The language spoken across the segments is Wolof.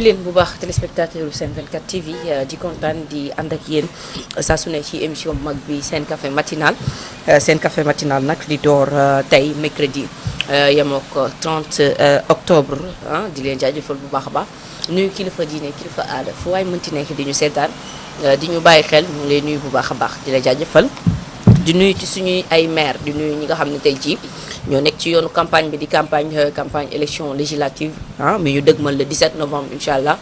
nuyu leen bu baax téléspectateur u Sen 24 TV euh, di kontaan di ànd ak yéen euh, sa sune ne ci émission bu mag bi Sen Café Matinal euh, Sen Café Matinal nag di door tey mercredi yemoo ko 30 octobre di leen jaajëfal bu baax a baax nuyu kilifa diine kilifa aada fu waay mënti nekk di ñu seetaan di ñu bàyyi xel mu ngi lay nuyu bu baax a baax di la jaajëfal di nuyu ci suñuy ay maire di nuyu ñi nga xam ne tey jii ñoo nekk ci yoonu campagne bi di campagne euh, campagne élection législative ah mi ñu dëgmal le 17 novembre incha allah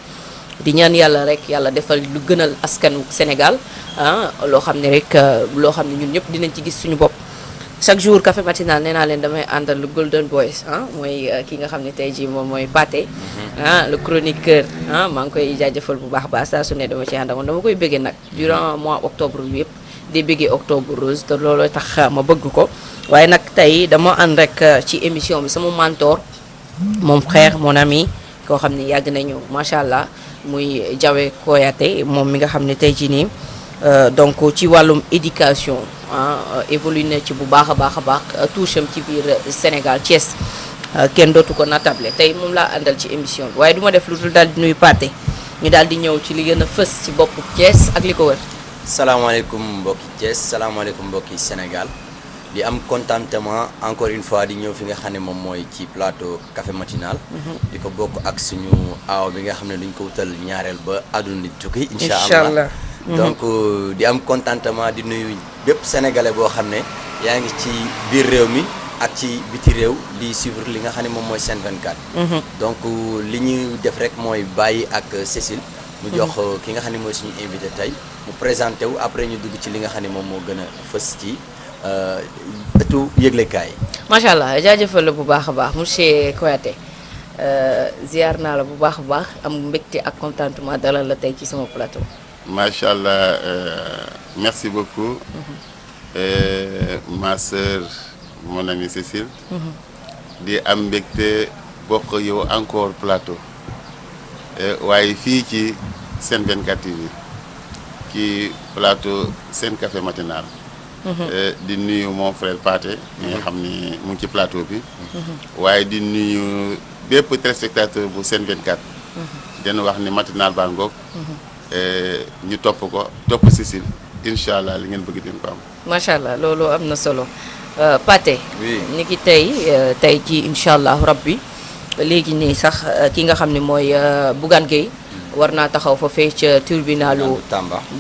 di ñaan yàlla rek yàlla defal lu gënal askanu Sénégal ah loo xam ne rek euh, loo xam ne ñun ñëpp dinañ ci gis suñu bopp. chaque jour café matinal nee naa leen damay àndal le golden boys ah mooy euh, ki nga xam ne tey jii moom mooy Pathé mm-hmm. ah le chroniqueur ah maa ngi koy jaajëfal bu baax baax saa su ne dama ci àndamoon dama koy bëggee nag durant mois octobre yëpp di bëggee octobre rose te looloo tax ma bëgg ko. waaye nag tey dama ànd rek euh, ci émission bi sama mentor mon frère mon ami koo xam ne yàgg nañu macha allah muy koya Koyate moom mi nga xam ne tey jii nii euh, donc ci wàllum éducation ah évolue na ci bu baax a baax a baax touche am ci biir Sénégal Thiès kenn dootu ko natable tey moom laa àndal ci émission bi waaye duma def lu dul daal di nuyu Pathé ñu daal di ñëw ci li gën a fës ci boppu Thiès ak li ko wër. salaamaaleykum mbokki Thiès salaamaaleykum mbokki Sénégal. di am contentement encore une fois di ñëw fi nga xam ne moom mooy ci plateau café matinal mhm. di ko bokk ak suñu aaw bi nga xam ne duñ ko wutal ñaareel ba àdduna di tukki incha allah mhm. donc euh, di am contentement di nuyu bépp sénégale boo xam ne yaa ngi ci biir réew mi ak ci biti réew di suivre li nga xam ne moom mooy Sen 24. Mhm. donc euh, li ñuy def rek mooy bàyyi ak Cécile mu jox euh, ki nga xam ne mooy suñu invité tey mu présenté wu après ñu dugg ci li nga xam ne moom moo gën a ci Euh, tout yëglekaay. kay machallah jaajëfal la bu baakha baax monsieur Koyate euh, ziar naa la bu baax baax am mbégte ak contentement dalal la tay ci sama plateau. machallah euh, merci beaucoup. Mhm. euh, ma sœur mon amie Cécile. Mhm. di am mbégte bokk yow encore plateau. euh waye fi ci Sen 24 TV qui plateau Sen Café Matinal. Mhm. Eh, di nuyu mon frère Pathé mi nga mu ci plateau bi mhm. waaye di nuyu bépp téléspectateur bu Sen 24 mhm. den wax ni matinal baa ngoog eh, ñu topp ko topp sisil incha allah li ngeen bëgg din ko am macha allah loolu am na solo euh, Pathé ni ki tey euh, ci incha allah rabbi léegi nii sax euh, ki nga xam ne mooy Bougane Gueye mm. war naa taxaw fa fee ca tribunalu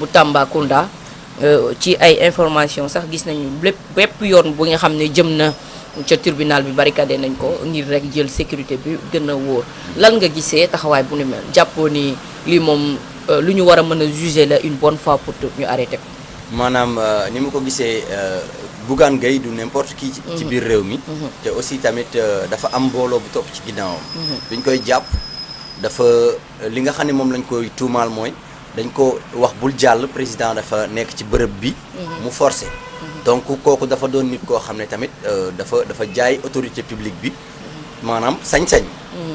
bu Tambacounda Euh, ci ay information sax gis nañu lépp bépp yoon bu nga xam ne jëm na ca tirbinal bi barricadé nañ ko ngir rek jël sécurité bi gën a wóor lan nga gisee taxawaay bu ni mel jàppoo ni lii moom euh, lu ñu war a mën a juger la une bonne fois pour tout ñu arrêté ko. maanaam euh, ni ma ko gisee Bougane Gueye du n'importe qui ci mhm. biir réew mi mhm. te aussi tamit dafa am mbooloo bu topp ci ginnaawam. Mhm. bi ñu koy jàpp dafa li nga xam ne moom lañ koy tuumaal mooy dañ ko wax bul jall président dafa nekk ci bërëb bi mhm. mu forcé mhm. donc kooku dafa doon nit koo xam ne tamit euh, dafa dafa jaay autorité publique bi mhm. maanaam sañ-sañ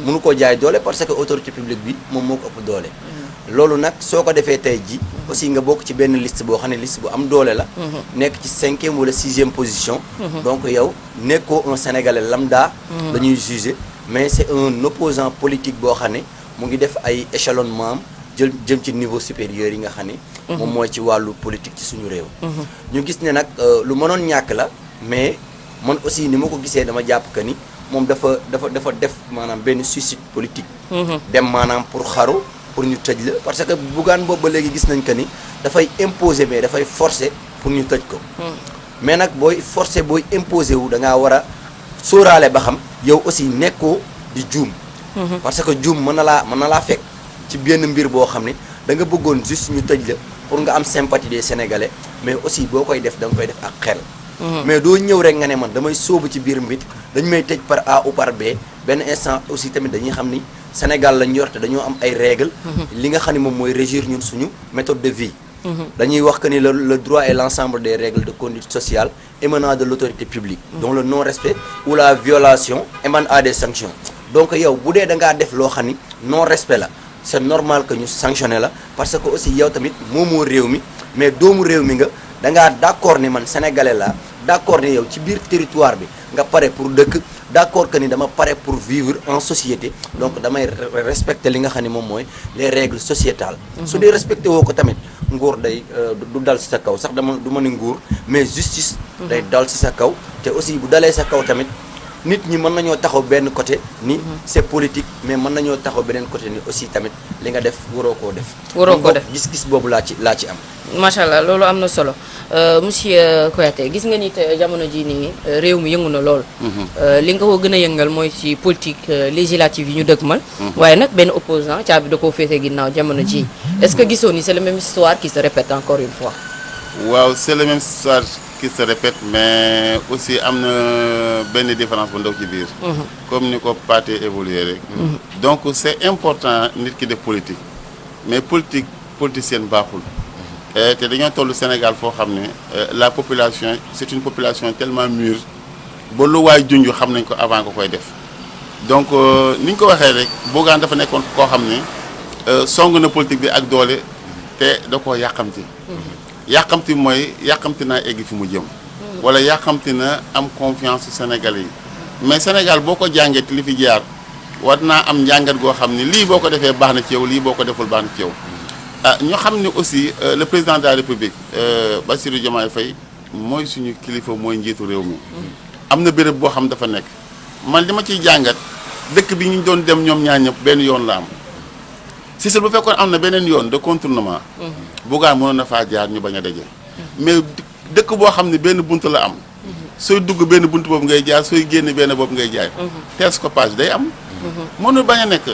mënu koo jaay doole parce que autorité publique bi moom moo ko ëpp doole loolu nag soo ko defee tey ji aussi nga bokk ci benn liste boo xam ne liste bu am doole la nekk ci cinquième wala sixième position donc yow nekkoo un sénégalais lambda dañuy ñuy jugé mais c'est un opposant politique boo xam ne mu ngi def ay échelonnement jël jëm ci niveau supérieur yi nga xam ne. Mhm. moom mooy ci wàllu politique ci suñu réew. Mhm. ñu gis ne nag euh, lu mënoon ñàkk la mais man aussi ni ma ko gisee dama jàpp que ni moom dafa dafa dafa def maanaam benn suicide politique. Mhm. dem maanaam pour xaru pour ñu tëj la parce que Bougane boobu ba léegi gis nañ que ni dafay imposer mais dafay forcer pour ñu tëj ko. mais nag booy forcer booy imposer wu da ngaa war a ba xam yow aussi nekkoo di juum. parce que juum mën na laa mën na ci benn mbir bo xamni da nga bëggoon juste ñu tejj la pour nga am sympathie des sénégalais mais aussi bokoy def dang nga koy def ak xel. Mhm. mais do ñew rek nga ne man damay soobu ci biir mbir dañ may tejj par A ou par B ben instant aussi tamit dañuy xamni Sénégal la yor te dañoo am ay règles. Mhm. li nga xamni mom moy régir ñun suñu méthode de vie. Mhm. dañuy wax que ni le le droit est l'ensemble des règles de conduite sociale émanant de l'autorité publique. dont le non-respect ou la violation émane à des sanctions. donc yow boudé da nga def lo xamni non-respect la c'est normal que ñu sanctionné la parce que aussi yow tamit moomoo réew mi mais doomu rewmi nga da nga d'accord ni man sénégalais là d'accord ni yow ci biir territoire bi nga pare pour deuk d'accord que ni dama paré pour vivre en société donc damay respecter li nga xam mom moy les règles sociétales. Mhm. su di respecter woko tamit nguur day euh, du dal ci sa kaw sax dama duma ni nguur mais justice. Mhm. day dal ci sa kaw té aussi bu dalé sa kaw tamit. nit ñi mën nañoo taxaw benn côté ni mhm. c'est politique mais mën nañoo taxaw beneen côté ni aussi tamit li nga def waroo koo def waroo koo def gis-gis boobu laa ci laa ci am macha allah loolu am na solo euh, monsieur euh, Kouyaté gis nga ni jamono ji nii euh, réew mi yëngu na lool. Mhm. li nga ko gën a yëngal mooy ci politique législative yi ñu dëgmal. Mhm. waaye nag benn opposant caabi da koo féete ginnaaw jamono ji est-ce que gisoo ni histoire qui se répète encore une fois. waaw c'est la même histoire qui se répète mais aussi amener des défenseurs différence bu qui ci mhm. comme ni ko évoluer mhm. donc c'est important nit ki politique mais politique politicienne Et te dañoo le Sénégal faut ramener euh, la population c'est une population tellement mûre ba lu waay junj xam avant nga koy donc euh, ni ñu ko waxee rek Bougane dafa nekkoon koo xam Nous euh, song na politique bi ak doole te da yàkkamti mooy yàkkamti naa egg fi mu jëm. Mm. wala yàqamti na am confiance su Sénégalais yi. mais Sénégal boo ko jàngee li jaar war naa am njàngat goo xam ni lii boo ko defee baax na ci yow lii boo ko deful baax na ci yow. Mm. ah ñu xam ne aussi euh, le président de la république euh, Bassirou Diomaye fay mooy suñu kilifa mooy njiitu réew mi. Mm. am na béréb boo xam dafa nekk. man li ma ciy jàngat dëkk bi ñu doon dem ñoom ñaar ñëpp benn yoon la am. si bu fekkoon am na beneen yoon de contournement. Mm-hmm. Bougane mënoon na faa jaar ñu bañ a daje. mais dëkk boo xam ne benn bunt la am. Mm-hmm. sooy dugg benn bunt boobu ngay jaar sooy génn benn boobu ngay jaay. Mm-hmm. télescopage day am. mënul bañ a nekk.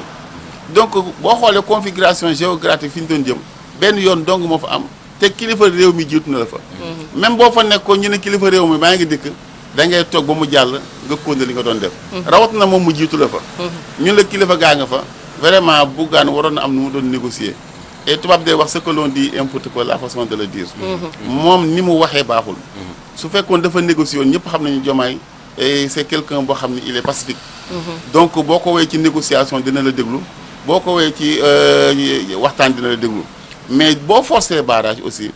donc boo xoolee configuration géographique fi ñu doon jëm benn yoon dong moo fa am te kilifa réew mi jiitu na la fa. même boo fa nekkoon ñu ne kilifa réew mi maa ngi dikk da ngay toog ba mu jàll nga kóonde li nga doon def. rawat na moom mu jiitu fa. ñun kilifa gaa nga fa. vraiment Bougan waroon am nu mu doon négocier et tubaab day wax ce que l'on dit importe quoi la façon de le dire. mom mhm. ni mu waxee baxul mhm. su fekkoon dafa négocier ñep ñëpp xam nañu Diomaye et c'est quelqu'un bo xamni il est pacifique. Mhm. donc boko wé ci négociation dina la déglu boko wé ci euh waxtan dina la déglu mais bo forcé barrage aussi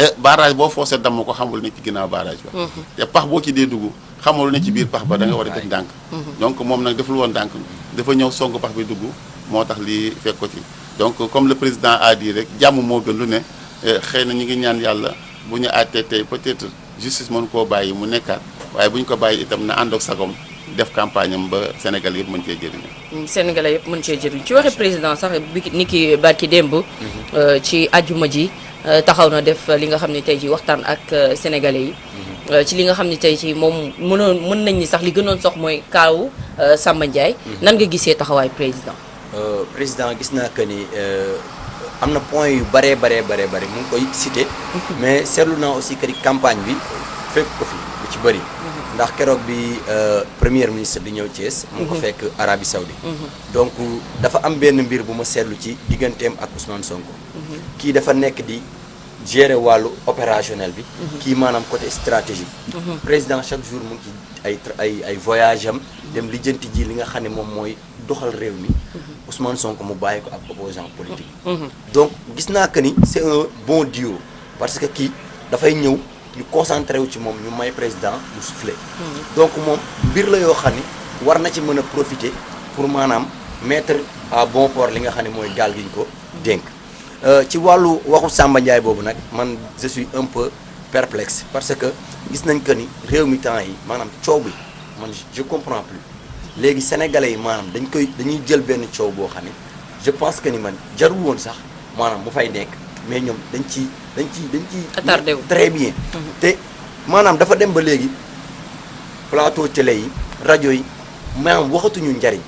euh, barrage bo forcé dam ko xamul ni ci ginnaaw barrage ba. te pax boo ci dee dugg. xamul ne ci biir pax ba da nga war a def ndànk mhm. donc moom nag deful woon ndànk dafa ñëw song pax bi dugg moo tax li fekk ko ci donc comme le président a dit rek jàmm moo gën lu ne eh, xëy na ñu ngi ñaan yàlla bu ñu àttee tey peut-être justice mën koo bàyyi mu nekkaat waaye bu ñu ko bàyyi itam na ànd ak sagom def campagne ba Sénégal yëpp mën cee jëriñu. Mm, sénégalais yëpp mën cee jëriñ ci waxe président sax bi ni ki barki démb. Mhm. Euh, ci àjjuma ji euh, taxaw na def li nga xam ne tey ji waxtaan ak euh, sénégalais Euh, ci li nga xam ne tey ci moom mënoon mën nañ ni sax li gënoon sox mooy kaaw euh, Samba Ndiaye. Mhm. nan nga gisee taxawaay président. Euh, président gis naa que ni am na point yu baree baree baree bare mu ngi koy cité. Mhm. mais seetlu naa aussi que ni campagne bi fekk ko fi lu ci bëri. Mhm. ndax keroog bi premier ministre di ñëw cees mu ko fekk Arabie Saoudite. donc dafa am benn mbir bu ma seetlu ci digganteem ak Ousmane Sonko. kii dafa nekk di. gérer wàllu opérationnel bi. qui mhm. manam côté stratégique. Mhm. président chaque jour mu ngi ay ay ay voyageam dem lijeenti ji li nga xam mom moy doxal mhm. Ousmane Sonko mu bàyyi ko ak opposant politique. donc gis naa que ni c'est un bon duo parce que da fay ñew ñu concentré wu ci mom ñu may président mu soufflé. donc mom bir la yo xam war na ci mën profiter pour manam mettre à bon port li nga xam moy gal ko denk Euh, ci wàllu waxu Samba Ndiaye boobu nag man je suis un peu perplexe parce que gis nañ que ni réew mi temps yi maanaam coow bi man je comprends plus léegi sénégalais yi maanaam dañ koy dañuy jël benn coow boo xam ne je pense que ni man jarul sax maanaam mu fay nekk mais ñoom dañ ci dañ ci dañ ci attardé wu très bien mhm. te maanaam dafa dem ba léegi plateau télé yi rajo yi maanaam waxatuñu njariñ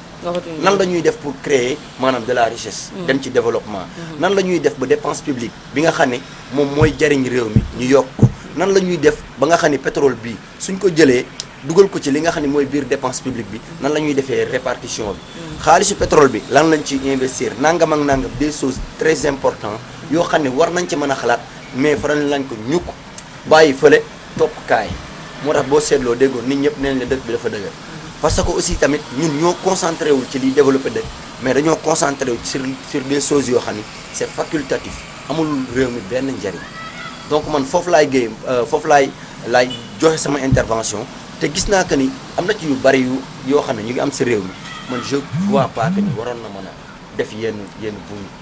nan lañuy def pour créer manam de la richesse hmm. dem ci développement hmm. nan lañuy def ba dépense publique bi nga xam mom moy mooy jariñ réew mi ñu yok nan lañuy def ba nga xam pétrole bi suñ ko jëlé dugal ko ci li nga xam moy biir dépense publique bi nan lañuy ñuy répartition bi hmm. xaalisu pétrole bi lan lañ ci investir nangam ak nangam des choses très important, yo xam war nañ ci mëna xalat mais faral lañ ko ñuk bàyyi feulé top kay mo tax boo seetloo déggoo nit ñëpp neen le dëkk bi dafa dëgg parce que aussi tamit ñun ñoo concentré wu ci li développé de mais dañoo concentré wu sur sur des choses yo xamni c'est facultatif amul réew mi ben njariñ donc man fofu lay géey euh, fofu lay laay joxe sama intervention te gis naa que ni am na ci yu bari yu yoo xam ne ñu ngi am si réew mi man je vois pas que ni waroon na mën a def yenn yenn buñ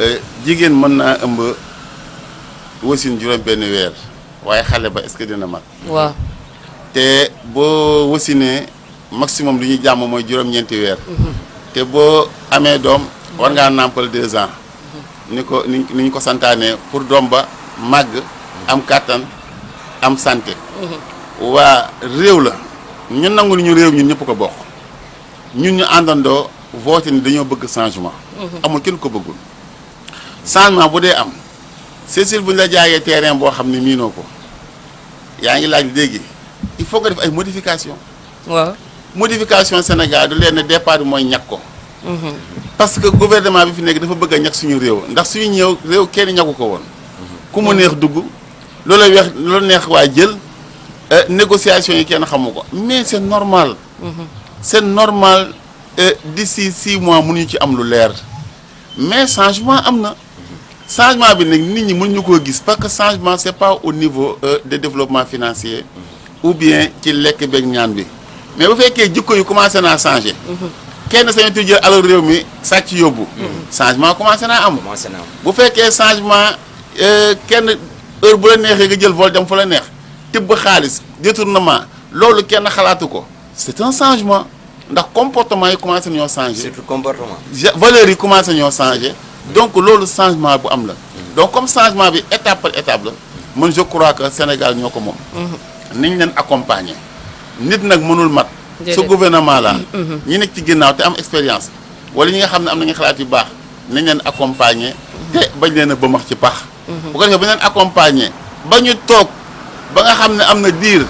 Euh, jigéen mën naa ëmb wasin juróom benn weer waaye xale ba est-ce que dina mag waaw te boo wasinee maximum lu ñuy jàmm mooy juróom-ñeenti weer mhm. te boo amee doom war ngaa nàmpal deux mhm. ni ko ni ni ñu ko santaanee pour doom ba màgg am kàttan am santé mhm. waa réew la ñun nangu ñu réew ñun ñëpp ko bokk ñun ñu àndandoo voté ni dañoo bëgg changement amul kenn ko bëggul changement bu dee am Cécile bu ñu la jaayee terrain boo xam ne miinoo ko yaa ngi laaj léegi il faut nga def ay modification waaw modification Sénégal du leen ne départ bi mooy ñàkk ko. Mhm. parce que gouvernement bi fi nekk dafa bëgg a suñu réew ndax suñu ñëw réew kenn ñàkku ko woon. Mhm. ku mu neex dugg loola weex loola neex waa jël euh, négociation yi kenn xamu ko mais c'est normal. Mhm. c'est normal di euh, d'ici six mois mënuñu ci am lu leer mais changement am na. changement bi nag nit ñi mënu ñu gis parce que changement c'est pas au niveau euh, de développement financier mm-hmm. ou bien ci lekk beeg ñaan bi mais bu fekkee jikko yu commencé na changer. Mm-hmm. kenn sañatul jël alors réew mi sàcc yobbu mm-hmm. changement commencé na am. bu fekkee changement euh kenn heure bu la nexé nga jël vol dem fa la neex tibb xaalis détournement loolu kenn xalaatu c'est un changement ndax comportement yi commencé ñoo changer. c'est le comportement. valeur yi commencé ñoo changer donc le changement bu am la. donc comme changement bi étape par étape la moi, je crois que Sénégal ñoo ko moom. Mhm. niñ leen accompagner. nit nag mënul mat. su gouvernement la mhm. ñi nekk ci ginnaaw te am expérience. wala ñi nga xam ne am nañu xalaat yu baax nañ leen accompagner. te bañ leen a bëmax ci paax. Mhm. bu ko defee bu leen accompagner ba ñu ba nga xam ne diir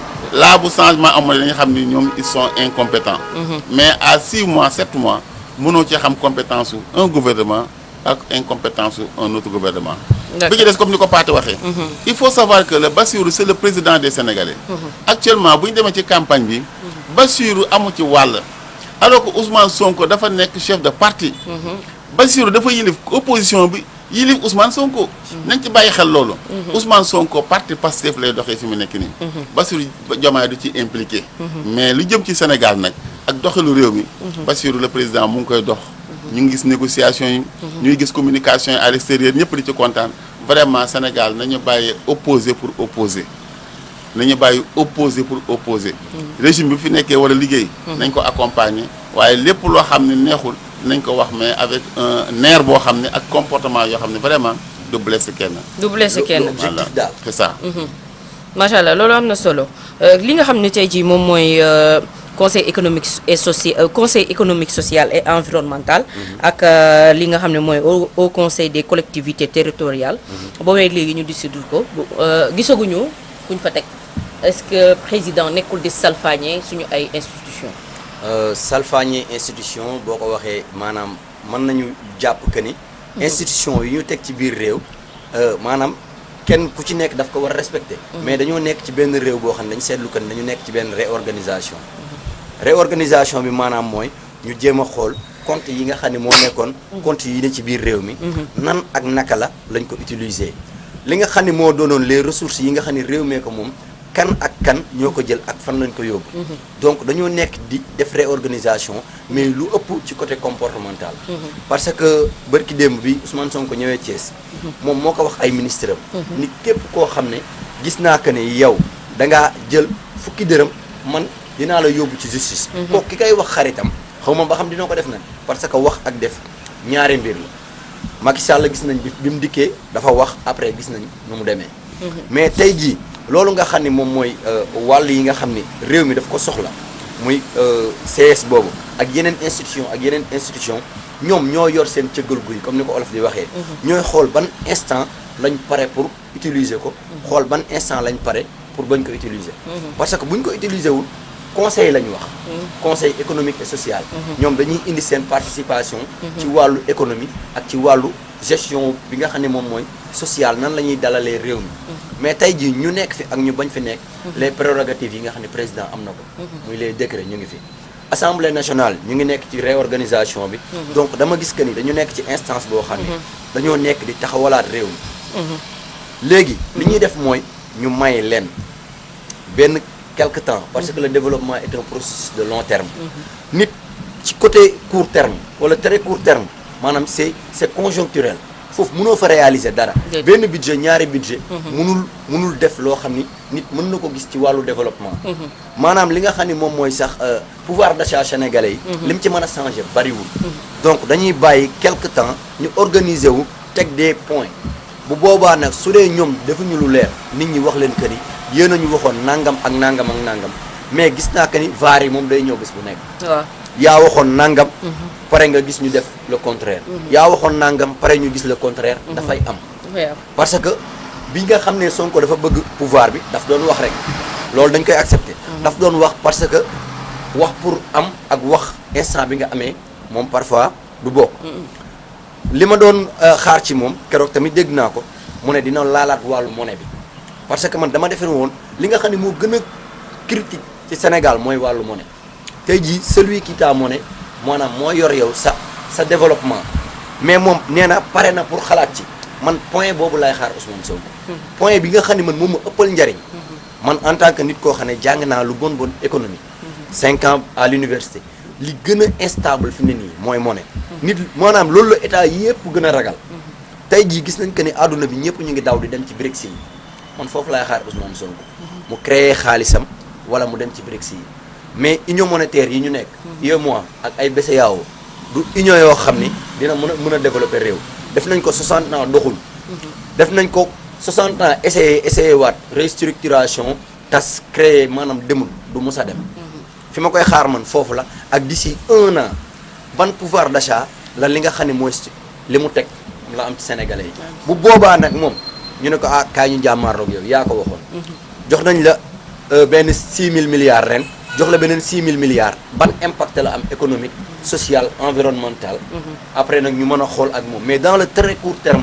bu changement amul dañu xam ils sont incompétents. mais à 6 mois 7 mois mënoo ci xam compétence un gouvernement ak incompétence un autre gouvernement comme ni mhm. il faut savoir que le Bassirou c'est le président des Sénégalais mhm. actuellement bu ñu demee ci campagne bi mhm. Bassirou amu ci wàll alors que Ousmane Sonko dafa nekk chef de parti Bassirou dafa yilif opposition bi est Ousmane Sonko nañ ci bàyyi xel loolu Ousmane Sonko parti Pastef lay doxee fi mu nekk nii Bassirou a du ci impliqué mais lu jëm ci Sénégal nag ak doxalu réew mi Bassirou le président il ngi koy ñu ngi gis négociation yi. Mhm. ñuy gis communication yi à l'extérieur ñëpp di ci kontaan vraiment Sénégal nañu bàyyi opposé pour opposer nañu bàyyi opposé pour opposé. Mhm. régime bi fi nekkee wala liggéey. Mhm. nañ ko accompagner waaye lépp loo xam ne neexul nañ ko wax mais avec un nerf boo xam ne ak comportement yoo xam ne vraiment du blessé kenn. du blessé kenn voilà c'est ça. macha allah loolu am na solo euh, li nga xam ne tey jii moom mooy. Euh, conseil économique et social euh, conseil économique social et environnemental. Mhm. ak euh, li nga xam ne au conseil des collectivités territoriales. Mhm. boobee léegi ñu dissoudre ko euh, gisaguñu kuñ fa teg est-ce que président nekkul di salfaañe suñu ay institutions. salfaañe institution boo ko waxee maanaam mën nañu japp que ni. Mhm. institution yi ñu tek ci biir réew manam kenn ku ci nekk daf ko war respecter respecté mais dañoo nekk ci ben réew bo xamné dañu seetlu kan dañu nekk ci ben réorganisation réorganisation bi maanaam mooy ñu jéem a xool compte yi nga xam ni moo nekkoon mhm. compte yi ne ci biir réew mi mhm. nan ak naka la lañ ko utiliser li nga xam ni moo doonoon le ressources yi nga xam ne réew mee ko moom kan ak kan ñoo ko jël ak fan lañ ko yóbbu mhm. donc dañoo nekk di def réorganisation mais lu ëpp ci côté comportemental parce que bërki démb bi Ousmane Sonko ñëwee Thiès moom moo ko wax ay ministre am ni képp koo xam ne gis naa que ne yow dangaa jël dinaa la yóbbu ci justice. Mhm. kooku ki kay wax xaritam xaw ma ba xam dina ko def na parce que wax ak def ñaari mbir la Macky Sall gis nañ bi mu dikkee dafa wax après gis nañ nu mu demee. Mhm. mais tey jii loolu nga xam ni moom mooy euh, wàll yi nga xam ni réew mi daf ko soxla muy euh, CS boobu ak yeneen institution ak yeneen institution ñoom ñoo yor seen cëggal guy comme ni ko olof di waxee. Mhm. ñooy xool ban instant lañ pare pour utiliser ko. xool ban instant lañ pare pour bañ ko utiliser. parce que buñ ko conseil la ñu wax. Mm-hmm. conseil économique et social. Mm-hmm. ñoom dañuy indi sen participation. Mm-hmm. ci wàllu économie ak ci gestion bi nga xamné mom moy social nan la dalalé réew mi. mais tey jii ñu nekk fi ak ñu bañ fi nekk. les prérogatives yi nga xamné président am ko. muy les décrets ñu ngi fi. assemblée nationale ñu ngi nekk ci réorganisation bi. donc dama gis que ni dañu nekk ci instance bo xamné dañu nekk di taxawalat réew mi. léegi li ñuy def moy ñu may leen ben quelque temps parce mm-hmm. que le développement est un processus de long terme mm-hmm. nit du côté court terme ou le très court terme manam c'est c'est conjoncturel Faut nous fa réaliser dara Ben budget ñaari budget mm-hmm. mënul mënul def loo xam ni nit mën na ko le ci développement manam li nga xam ni moom euh, pouvoir d'achat sénégalais yi li ci a changer bariwul donc dañuy bàyyi quelque temps nous organiser wu des points bu boobaa nag su dee ñoom defuñu lu leer nit ñi wax leen que ni yéen a ñu waxoon nangam ak nangam ak nangam mais gis naa que ni vaar yi moom day ñëw gis bu nekk. waaw yaa waxoon nangam. Mhm. pare nga gis ñu def le contraire. Mhm. yaa waxoon nangam pare ñu gis le contraire. Mhm. dafay am. parce que bi nga xam ne Sonko dafa bëgg pouvoir bi daf doon wax rek loolu dañ koy accepter. daf doon wax parce que wax pour am ak wax instant bi nga amee moom parfois du bokk. li ma doon euh, xaar ci moom keroog tamit dégg naa ko mu ne dina laalaat wàllu monnaie bi parce que man dama defee woon li nga xam ne moo gën a critique ci Sénégal mooy wàllu mone tey jii celui qui t'a monnaie maanaam moo yor yow sa sa développement mais moom nee na pare na pour xalaat ci man point boobu laay xaar Ousmane Sonko hmm. point bi nga xam ne man moom ma ëppal njariñ hmm. man en tant que nit koo xam ne jàng naa lu bon bon économie hmm. cinq ans à l'université li gëna instable fi ni ne monnaie. nit Brexit. loolu état ragal. tay gis que ni aduna bi ñëpp ñu ngi daw di dem ci man xaar créer wala mu dem ci mais union monétaire yi ñu nekk. moi, ak ay yaaw du union dina mëna développer ko 60 ans doxul. def nañ ko 60 ans essayer essayer wat restructuration tas créé manam demul du fi ma koy xaar man foofu la ak d'ici un an ban pouvoir d'achat la li nga xam ne mooy li mu teg la am ci sénégalais yi. bu boobaa nag moom ñu ne ko ah kaay ñu jàmmaarloog yow yaa ko waxoon. Mm-hmm. jox nañ la euh, benn 6000 milliards ren jox la beneen 6000 milliards ban impact la am économique social environnemental. Mm-hmm. après nag ñu mën a xool ak moom mais dans le très court terme.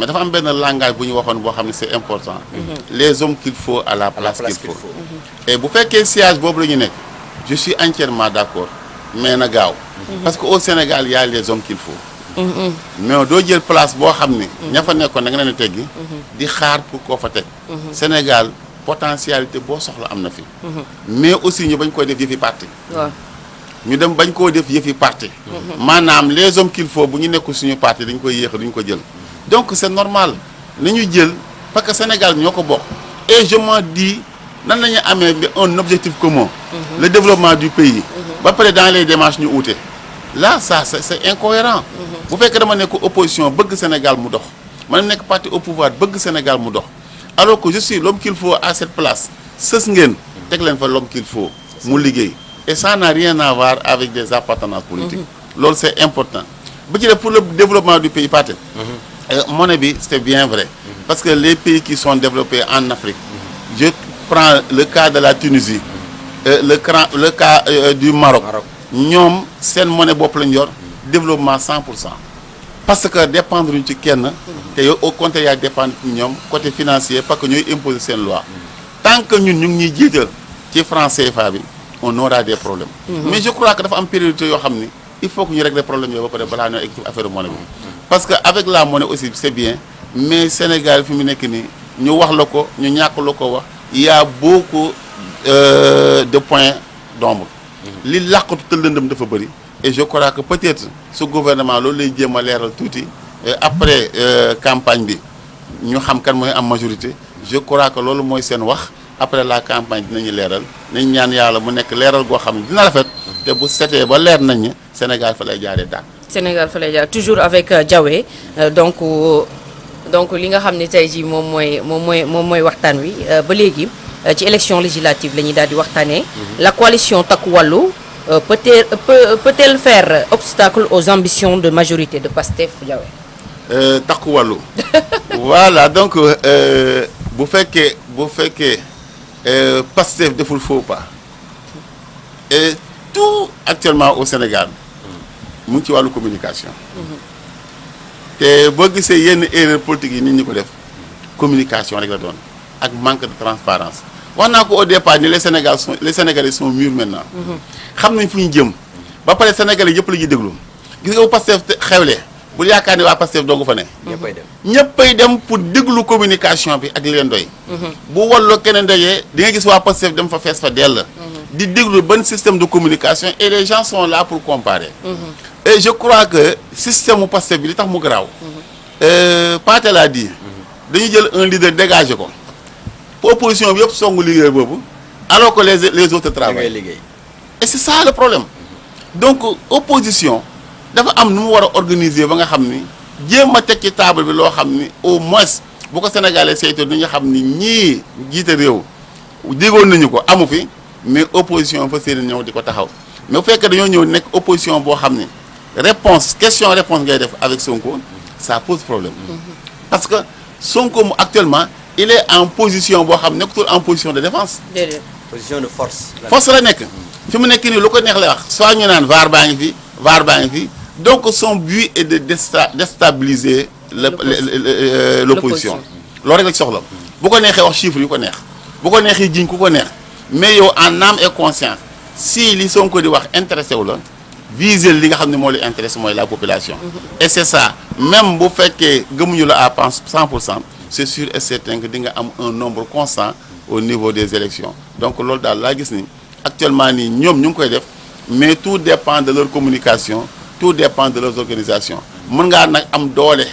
mais dafa am ben langage bu ñu waxoon boo c'est important mhm. les hommes qu'il faut à la place qu'il faut mhm. et bu fekkee siège bobu lañu nek, je suis entièrement d'accord mais na gaaw mhm. parce que au Sénégal y a les hommes qu'il faut mais do jël place bo xam ni ña fa nekkoon da nga leen a teggi di xaar pour ko fa Sénégal potentialité bo soxla amna fi mais aussi ñu bañ koy def yëfi parti ñu dem bañ koo def yëfi parti maanaam les hommes qu'il faut bu ñu nekkul suñu parti dañ koy yéex duñ ko jël donc c'est normal Nous, ñu parce que Sénégal est bokk et je m'en dis nous avons un objectif commun. Mhm. le développement du pays. Mhm. ba dans les démarches nous là ça c'est incohérent. Mhm. Vous vous que dama nekk opposition le Sénégal mu dox parti au pouvoir bëgg Sénégal mu alors que je suis l'homme qu'il faut à cette place C'est ce que leen l'homme qu'il faut et ça n'a rien à voir avec des appartenances politiques. c'est important pour le développement du pays euh, mon avis c'est bien vrai parce que les pays qui sont développés en Afrique je prends le cas de la Tunisie euh, le cas euh, du Maroc Nous c'est monnaie pour développement 100% parce que dépendre du ci kenn au contraire de dépendre de côté financier parce que nous imposons une loi tant que nous ñu ngi que on aura des problèmes mm-hmm. mais je crois que dafa am priorité où il faut que ñu régler problème yooyu ba pare balaa affaire monnaie parce que avec la monnaie aussi c'est bien mais Sénégal fi mu nekk nii ñu wax la ko ñu ñàkk la ko wax y a beaucoup euh, de points d'ombre li làqatu te lëndëm dafa bëri et je crois que peut-être ce gouvernement loolu lay jéem a leeral tuuti après euh, campagne bi ñu xam kan mooy am majorité je crois que loolu mooy seen wax après la campagne dinañu leeral nañ ñaan yàlla mu nekk leeral goo xam dina rafet te bu ba Sénégal Sénégal toujours avec Diawé euh, euh, donc euh, donc li nga xam élection législative la mhm. la coalition Takku peut elle peut faire obstacle aux ambitions de majorité de Pastef Diawé. Takku voilà donc bu que bu fekkee Pastef deful faux pas. tout actuellement au Sénégal mu ci wàllu communication te boo gisee yenn erreur politique yi nit ñi ko def communication rek la doon ak manque de transparence wax naa ko de départ ni les Sénégal sont les Sénégalais sont mûrs maintenant xam nañ fu ñu jëm ba pare Sénégalais yëpp la ñuy déglu gis nga bu Pastef xewlee bul yaakaar ne waa Pastef doo fa ne ñëppay dem pour déglu communication bi ak li leen doy mhm. bu walloo keneen dajee di nga gis waa Pastef di le bon système de communication et les gens sont là pour comparer. Mhm. et je crois que système passé, pas bi li tax a mhm. Euh, dit. Mhm. un leader dégagé L'opposition opposition bi alors que les autres travaillent et c'est ça le problème. donc opposition dafa am organiser table au moins bu ko Sénégalais ni mais opposition fa séen ñëw diko taxaw mais fekk dañu dañoo ñëw nekk opposition bo xamné réponse question réponse ngay def avec Sonko ça pose problème mm-hmm. parce que Sonko mu actuellement il est en position bo xamné nekkatul en position de défense position de force force la nek fi mu nekk nii lu ko neex la wax soit ñu naan var baangi fi var baangi fi donc son but est de déstabiliser euh, l'opposition lo rek la soxla bu ko neexee wax chiffre yu ko neex bu ko neexee jiñ ku ko neex mais en âme et conscience si li Sonko di wax intéressé wu la viser li nga xam la population. Mhm. et c'est ça même si les gëmuñu la à pense 100 c'est sûr et certain que di nga un nombre constant au niveau des élections donc l'ol ce que gis ni actuellement ni ñom ñu koy def mais tout dépend de leur communication tout dépend de leurs organisations mën nga nak am doolé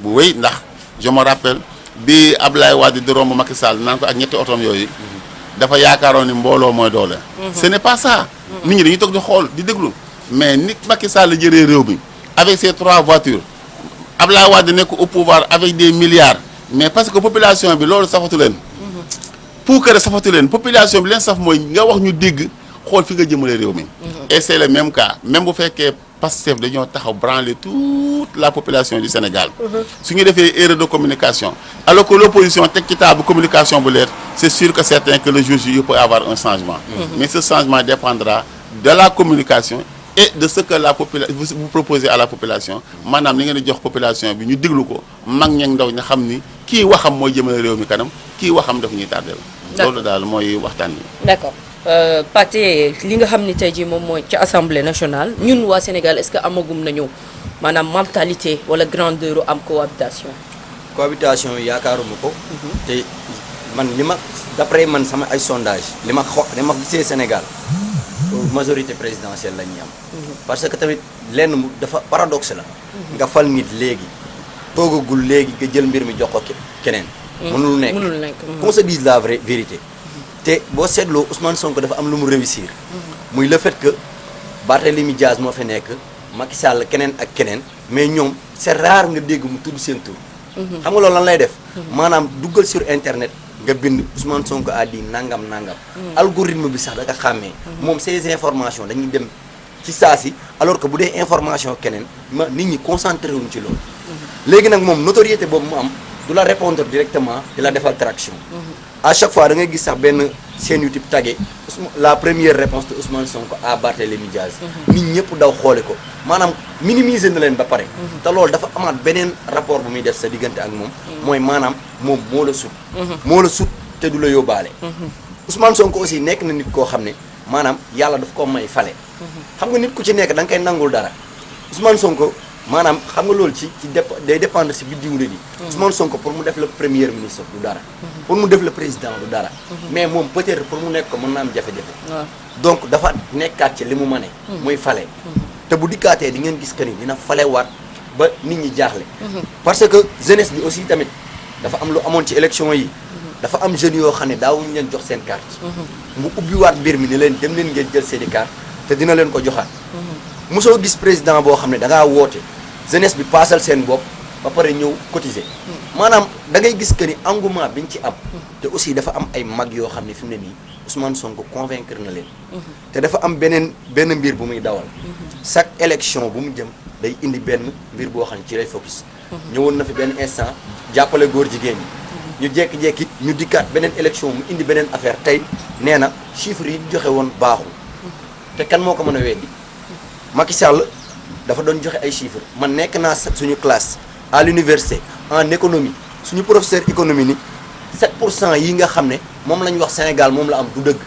bu wéy ndax je me rappelle bi Abdoulaye Wade Romo romb Macky Sall ak ñetti dafa yaakaaroon ni mbooloo mooy doole. Mhm. ce n'est pas ça. Mhm. nit ñi dañuy toog di xool di déglu mais nit Macky Sall jëlee réew mi avec ses trois voitures Abdoulaye Wade nekk au pouvoir avec des milliards mais parce que population bi loolu safatu leen. Mhm. pour que safatu leen population bi leen saf mooy nga wax ñu dégg xool fi nga jëmale réew mi. et c'est le même cas même bu fekkee. Pastef you taxaw branler toute la population du Sénégal erreur de communication alors que l'opposition est de communication c'est sûr que certains que le jour peut avoir un changement mhm. mais ce changement dépendra de la communication et de ce que la population vous proposez à la population population d'accord euh, Pathé li nga xamni tay ji mom moom ci assemblée nationale ñun wa Sénégal est-ce que amagum nañu manam mentalité wala grandeur am cohabitation. cohabitation yaakaaruma ko. Mhm. te man lima, d'après man sama ay sondage lima ma lima li Sénégal majorité présidentielle la ñuy am. Mhm. parce que tamit lenn dafa paradoxe la. Mhm. nga fal nit légui toogagul légui nga jël mbir mi jox ko keneen. mënul nekk qu'on se dise la vraie vérité. te boo seetloo Ousmane sonk dafa am lu mu réussir. muy le fait que Barthélemy Diaz moo fi nekk Macky Sall keneen ak keneen. mais ñoom c'est rare nga dégg mu tudd seen tur. Mhm. xam nga lool lan lay def. Mhm. maanaam duggal sur internet nga bind Ousmane sonk a di nangam nangam. Mhm. algorithme bi sax da nga xàmmee. moom ces information dañuy dem ci saa si alors que bu dee information keneen ma nit ñi concentré wuñ ci loolu. léegi nag moom notoriété boobu mu am du la répondre di la defal traction. à chaque fois da ngay gis sax benn seen YouTube tagge la première réponse de Ousmane Sonko à Barthélémy Diaz mhm. nit ñëpp daw xoole ko Manam minimiser na leen ba pare mhm. te loolu dafa amaat beneen rapport bu muy def sa diggante ak moom mhm. mooy maanaam moom moo la sut moo la sut te du la Ousmane Sonko aussi nekk na nit koo xam ne maanaam daf ko may fale xam nga nit ku ci nekk da nga koy nangul dara Ousmane Sonko maanaam xam nga loolu ci ci day dépendre si biddiwu nit yi. Mm-hmm. Ousmane Sonko pour mu def la premier ministre du dara. Mm-hmm. pour mu def la président du dara. Mm-hmm. mais moom peut-être pour mu nekk ko mën na am jafe-jafe. donc dafa nekkaat ci li mu mën muy fale. te bu dikkaatee di ngeen gis que ni dina falewaat ba nit ñi jaaxle. parce que jeunesse bi aussi tamit dafa am lu amoon ci élection yi. dafa am jeunes yoo xam ne daawuñu leen jox seen carte. mu ubbiwaat mbir mi ne leen dem leen ngeen jël seen i carte dina leen ko joxaat. mosoo gis président boo xam ne da woote. jeunesse bi paasal seen bopp ba pare ñëw cotiser maanaam da ngay gis que ni bi biñ ci am. te aussi dafa am ay mag yoo xam ne fi mu ne nii Ousmane Sonko convaincre na leen. Mhm. te dafa am beneen benn mbir bu muy dawal. Mhm. chaque élection bu mu jëm day indi benn mbir boo xam ne ci lay focus. Mhm. ñëwoon na fi benn instant jàppale góor jigéen ñi. ñu jékki-jékki ñu dikkaat beneen élection mu indi beneen affaire tey nee na chiffres yi joxe woon baaxul. te kenn moo ko mën a weddi Macky Sall dafa doon joxe ay chiffres man nekk naa suñu classe à l'université en économie suñu professeur économie ni 7 pour cent yi nga xam ne moom la ñu wax Sénégal moom la am du dëgg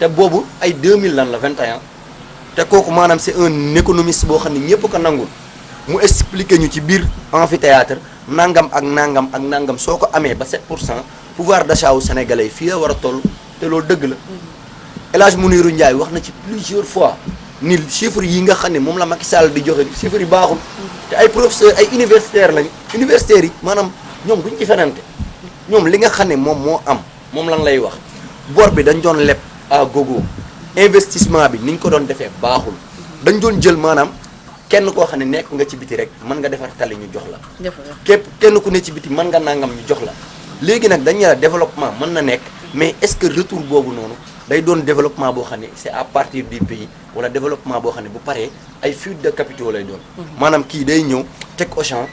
te boobu ay 2000 lan la 21 ans te kooku maanaam c'est un économiste boo xam ne ñëpp ko nangul mu expliquer ñu ci biir amphithéâtre nangam ak nangam ak nangam soo ko amee ba 7 pour cent pouvoir d'achat wu sénégalais fii la war a toll te loolu dëgg la mm-hmm. El Hadj Mounirou Ndiaye wax na ci plusieurs fois. ni chiffres yi nga xam ne moom la Macky Sall di joxe chiffres yi baaxul. te ay professeurs ay universitaires lañu. universitaires yi maanaam ñoom duñ ci fenante ñoom li nga xam ne moom moo am moom lan lay wax bor bi dañ doon leb à gogo investissement bi ni ñu ko doon defee baaxul dañ doon jël maanaam kenn koo xam ne nekk nga ci biti rek mën nga defar tali ñu jox la. képp kenn ku ne ci biti man nga nangam ñu jox la. léegi nag dañu ne développement mën na nekk mais est-ce que retour boobu noonu. day doon développement boo xam ne c'est à partir du pays wala développement boo xam ne bu paree ay fuite de capitaux lay doon. Mhm. maanaam kii day ñëw teg Auchan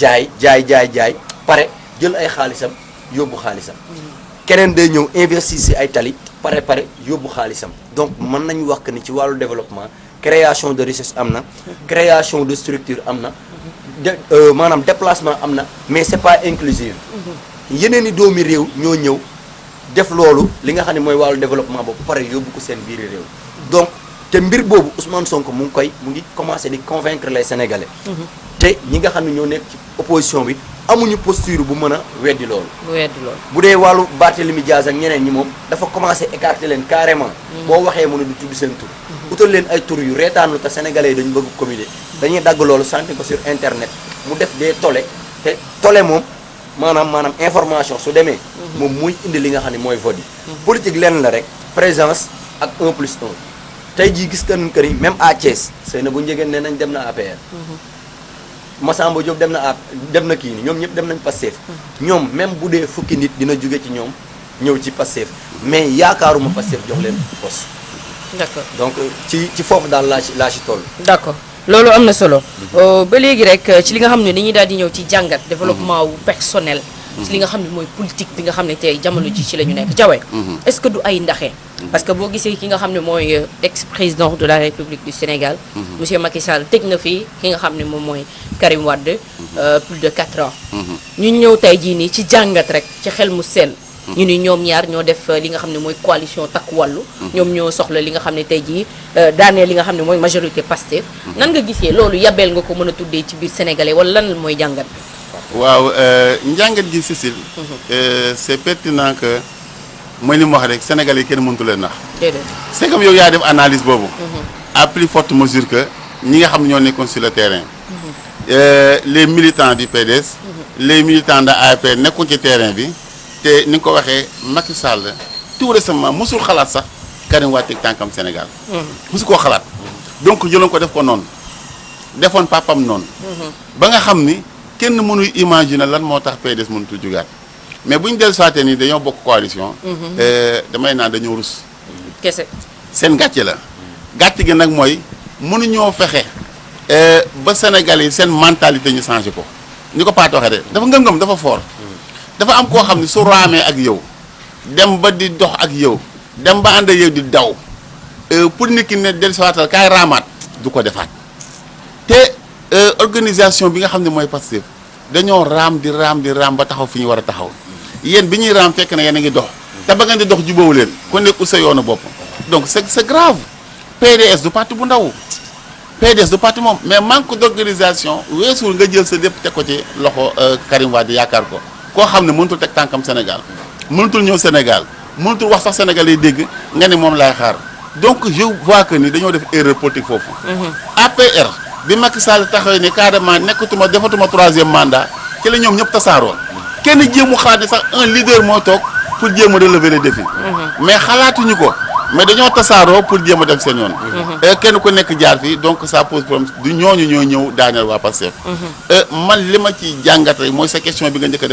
jaay jaay jaay jaay pare jël ay xaalisam yóbbu xaalisam. Mhm. keneen day ñëw investir si ay tali pare pare yóbbu xaalisam donc mën nañu wax que ni ci wàllu développement création de richesse am na. Mhm. création de structure am na. Euh, maanaam déplacement am na mais c'est pas inclusive yeneen i doomi réew ñoo ñëw. def loolu li nga xam ne mooy wàllu développement boobu pare yóbbu ko seen biir réew donc te mbir boobu Ousmane Sonko mu ngi koy mu ngi commencé di convaincre lay Sénégalais mm-hmm. te ñi nga xam ne ñoo nekk ci opposition bi amuñu posture bu mën a weddi loolu weddi loolu bu dee wàllu Barthélemy Diaz ak ñeneen ñi moom dafa commencé écarter leen carrément mm-hmm. boo waxee mu ne du tudd seen tur mm-hmm. utal leen ay tur yu reetaanlu te sénégalais yi dañu bëgg communiquer dañuy dagg loolu santi ko sur internet mu def des tole tole moom maanaam maanaam information su demee. Mhm. moom muy indi li nga xam ne mooy vote yi. leen la rek présence ak 1 plus 1 tey jii gis nañu que ni même à Thiès sëy na bu njëgeen nee nañ dem na APR. Mhm. Massamba Diop dem na a dem na kii ni ñoom ñëpp dem nañ Pastef mhm. ñoom même bu dee fukki nit dina jóge ci ñoom ñëw ci Pastef mais yaakaaruma Pastef jox leen poste d'accord donc ci ci foofu daal laa ci laa ci toll d'accord loolu am na solo euh, ba léegi rek euh, ci li nga xam ne dañuy daal di ñëw ci jàngat développement wu personnel ci li nga xam ne mooy politique bi nga xam ne tey jamono ji ci la ñu nekk jawee mhm. est-ce que du ay ndaxe mhm. parce que boo gisee ki nga xam ne mooy euh, ex président de la république du Sénégal mhm. monsieur Macky Sall teg na fii ki nga xam ni moom mooy Karim Wade plus de 4 ans ñu ñëw tey jii nii ci jàngat rek ci xel mu sell ñu ni ñom ñaar ñoo def euh, li nga xam moy coalition tak wàllu ñom ñoo soxla li nga xam tay ji jii euh, daanee li nga xam moy majorité Pastef nan nga gissé lolu yabel nga ko mëna tuddé ci biir sénégalais wala lan moy jàngat waaw euh njàngat gi Cécile mhm. euh, c'est pertinent que mooy li wax rek sénégalais yi kenn mëntu leen nax c'est comme yow ya def analyse bobu mhm. à plus forte mesure que ñi nga xam ne ñoo nekkoon sur le terrain mhm. euh les militants du PDS les militants de APR nekkuñ ci terrain bi te ni nga ko waxee Macky Sall tout récemment mosul xalaat sax Karim Wade teg tànkam Sénégal. su koo xalaat. donc jëloon ko def ko noonu defoon papam noonu. ba nga xam ni kenn mënuy imaginer lan moo tax PDS mënutu jugaat mais bu ñu dellusaatee nii dañoo bokk coalition. Mhm. Euh, damay naan dañoo rus. kese seen gàcce la. gàcce gi nag mooy mënuñoo fexe euh, ba Sénégal yi seen mentalité ñu changé ko ñu ko Paate waxee de dafa ngëm-ngëm dafa fort. dafa am koo xam ne su raamee ak yow dem ba di dox ak yow dem ba ànd ak yow di daw euh, pour nit ki ne dellusiwaatal kaay raamaat du ko defaat te euh, organisation bi nga xam ne mooy Pastef dañoo raam di raam di raam ba taxaw fi ñu war a taxaw yéen bi ñuy raam fekk na yéen a ngi dox te ba ngeen di dox jubóowu leen ko nekk sa yoonu bopp donc c'est c'est grave PDS du parti bu ndaw PDS du parti moom mais manque d'organisation weesul nga jël sa lépp teg ko ci loxo euh, Karim Wade yaakaar ko koo xam ne mënutul teg tànkam Sénégal mënutul ñëw Sénégal mënutul wax sax Sénégal yi dégg nga ne moom lay xaar donc je vois que ni dañoo def erreur politique foofu. Mhm. APR bi Macky Sall taxawee ne carrément nekkatuma defatuma troisième mandat ci la ñoom ñëpp tasaaroon kenn jéemu xalaat ne sax un leader moo toog pour jéem a relever les défis. Mhm. mais xalaatuñu ko mais dañoo tasaaroo pour dire a dem seen que mhm. euh, nous ku nekk jaar donc ça pose problème du ñooñu ñoo ñëw waa mhm. euh, man li ci jàngat question bi nga def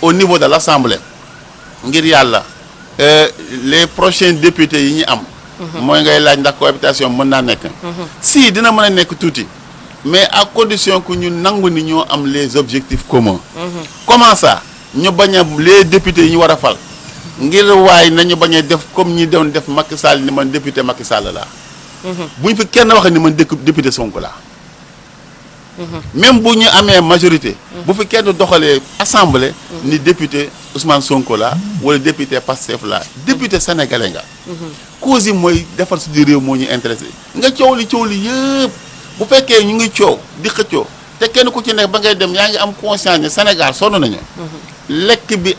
au niveau de l'Assemblée, assemblée euh, les prochains députés yi ñu am. Mhm. mooy ngay laaj ndax cohabitation mën si dina mën nekk mais à condition que ñu nangu ni ñoo am les objectifs communs. comment ça ñu les députés yi ñu ngir way nañu def comme ñi doon def Macky ni man député Macky mhm. fi kenn mhm. même si la majorité. Mhm. bu fi kenn doxalé assemblée. députés député Ousmane Sonko la wala député député sénégalais nga. cause moy mooy suñu réew Vous ñu intéressé nga ciowli vous yépp bu sont ñu ngi ciow di té kenn ku ci Sénégal nañu. bi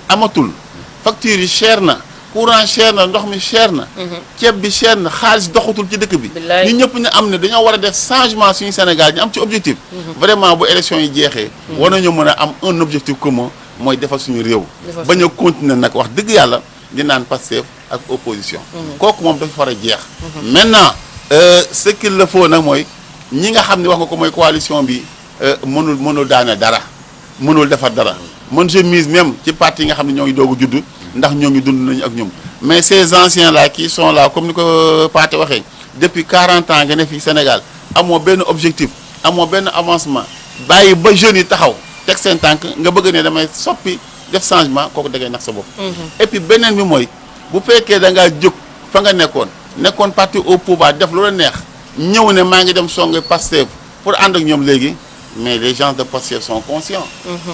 factures yi na courant cher na ndox mi cher na. Mhm. ceeb bi cher na xaalis doxatul ci dëkk bi. ñu ñëpp ñu am ne dañoo war a def changement suñu Sénégal ñu am ci objectif. Mhm. vraiment bu élection yi jeexee. Mhm. war nañoo mën a am un objectif commun mooy defar suñu réew. bañ a continuer nag wax dëgg yàlla di naan Pastef ak opposition. kooku moom dafa far a jeex. maintenant euh, ce qu'il le faut nag mooy ñi nga xam ne wax nga ko mooy coalition bi euh, mënul mënul daane dara mënul defar dara man je mise même ci parti nga xamni ñoy ñoo judd ndax ñooñu dund nañ ak ñom mais ces anciens là qui sont là comme ni ko Pathé waxee depuis 40 ans nga ne fii Sénégal amo ben objectif amo ben avancement bàyyi ba jeune yi taxaw tek sen tank nga bëgg né damay soppi def changement kooku da ngay nax sa bop mhm. et puis benen bi moy bu féké da nga juk fa nga nekkoon nekkoon parti au pouvoir def lu la neex ñëw né ma ngi dem songé pasteur pour and ak ñom légui mais les gens de pasteur sont conscients. Mhm.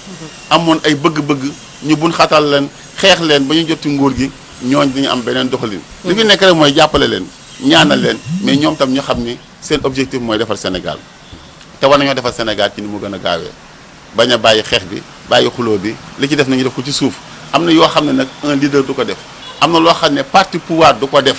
amoon ay bëgg-bëgg ñu bun xatal leen xeex leen ba ñu jot ci nguur gi ñooñ dañu am beneen doxalin li fi nekk rek mooy jàppale leen ñaanal leen mais ñoom tam ñu xam ni seen objectif mooy defar Sénégal te war nañoo defar Sénégal ci ni mu gën a gaawee bañ a bàyyi xeex bi bàyyi xuloo bi li ci def nañu def ko ci suuf am na yoo xam ne nag un leader du ko def am na loo xam ne parti pouvoir du ko def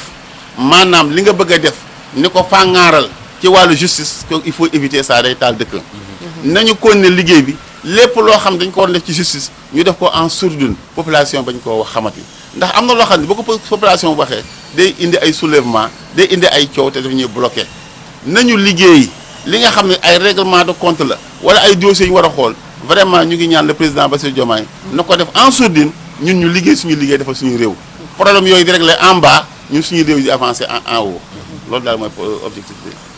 maanaam li nga bëgg a def ni ko fàngaaral ci wàllu justice ko il faut éviter ça day taal mm-hmm. liggéey bi lépp loo xam dañ ko war def ci justice ñu def ko en sourdine population bañ koo wax xamati ndax am na loo xam ne bu ko population waxee day indi ay soulèvement day indi ay coow te daf ñuy bloqué nañu liggéey li nga xam ne ay règlement de compte la wala ay dossiers yu war a xool vraiment ñu ngi ñaan le président Bassirou Diomaye na ko def en sourdine ñun ñu liggéey suñu liggéey defal suñu réew problème yooyu di régler en bas ñun suñu réew di avancer en en haut loolu daal mooy objectif bi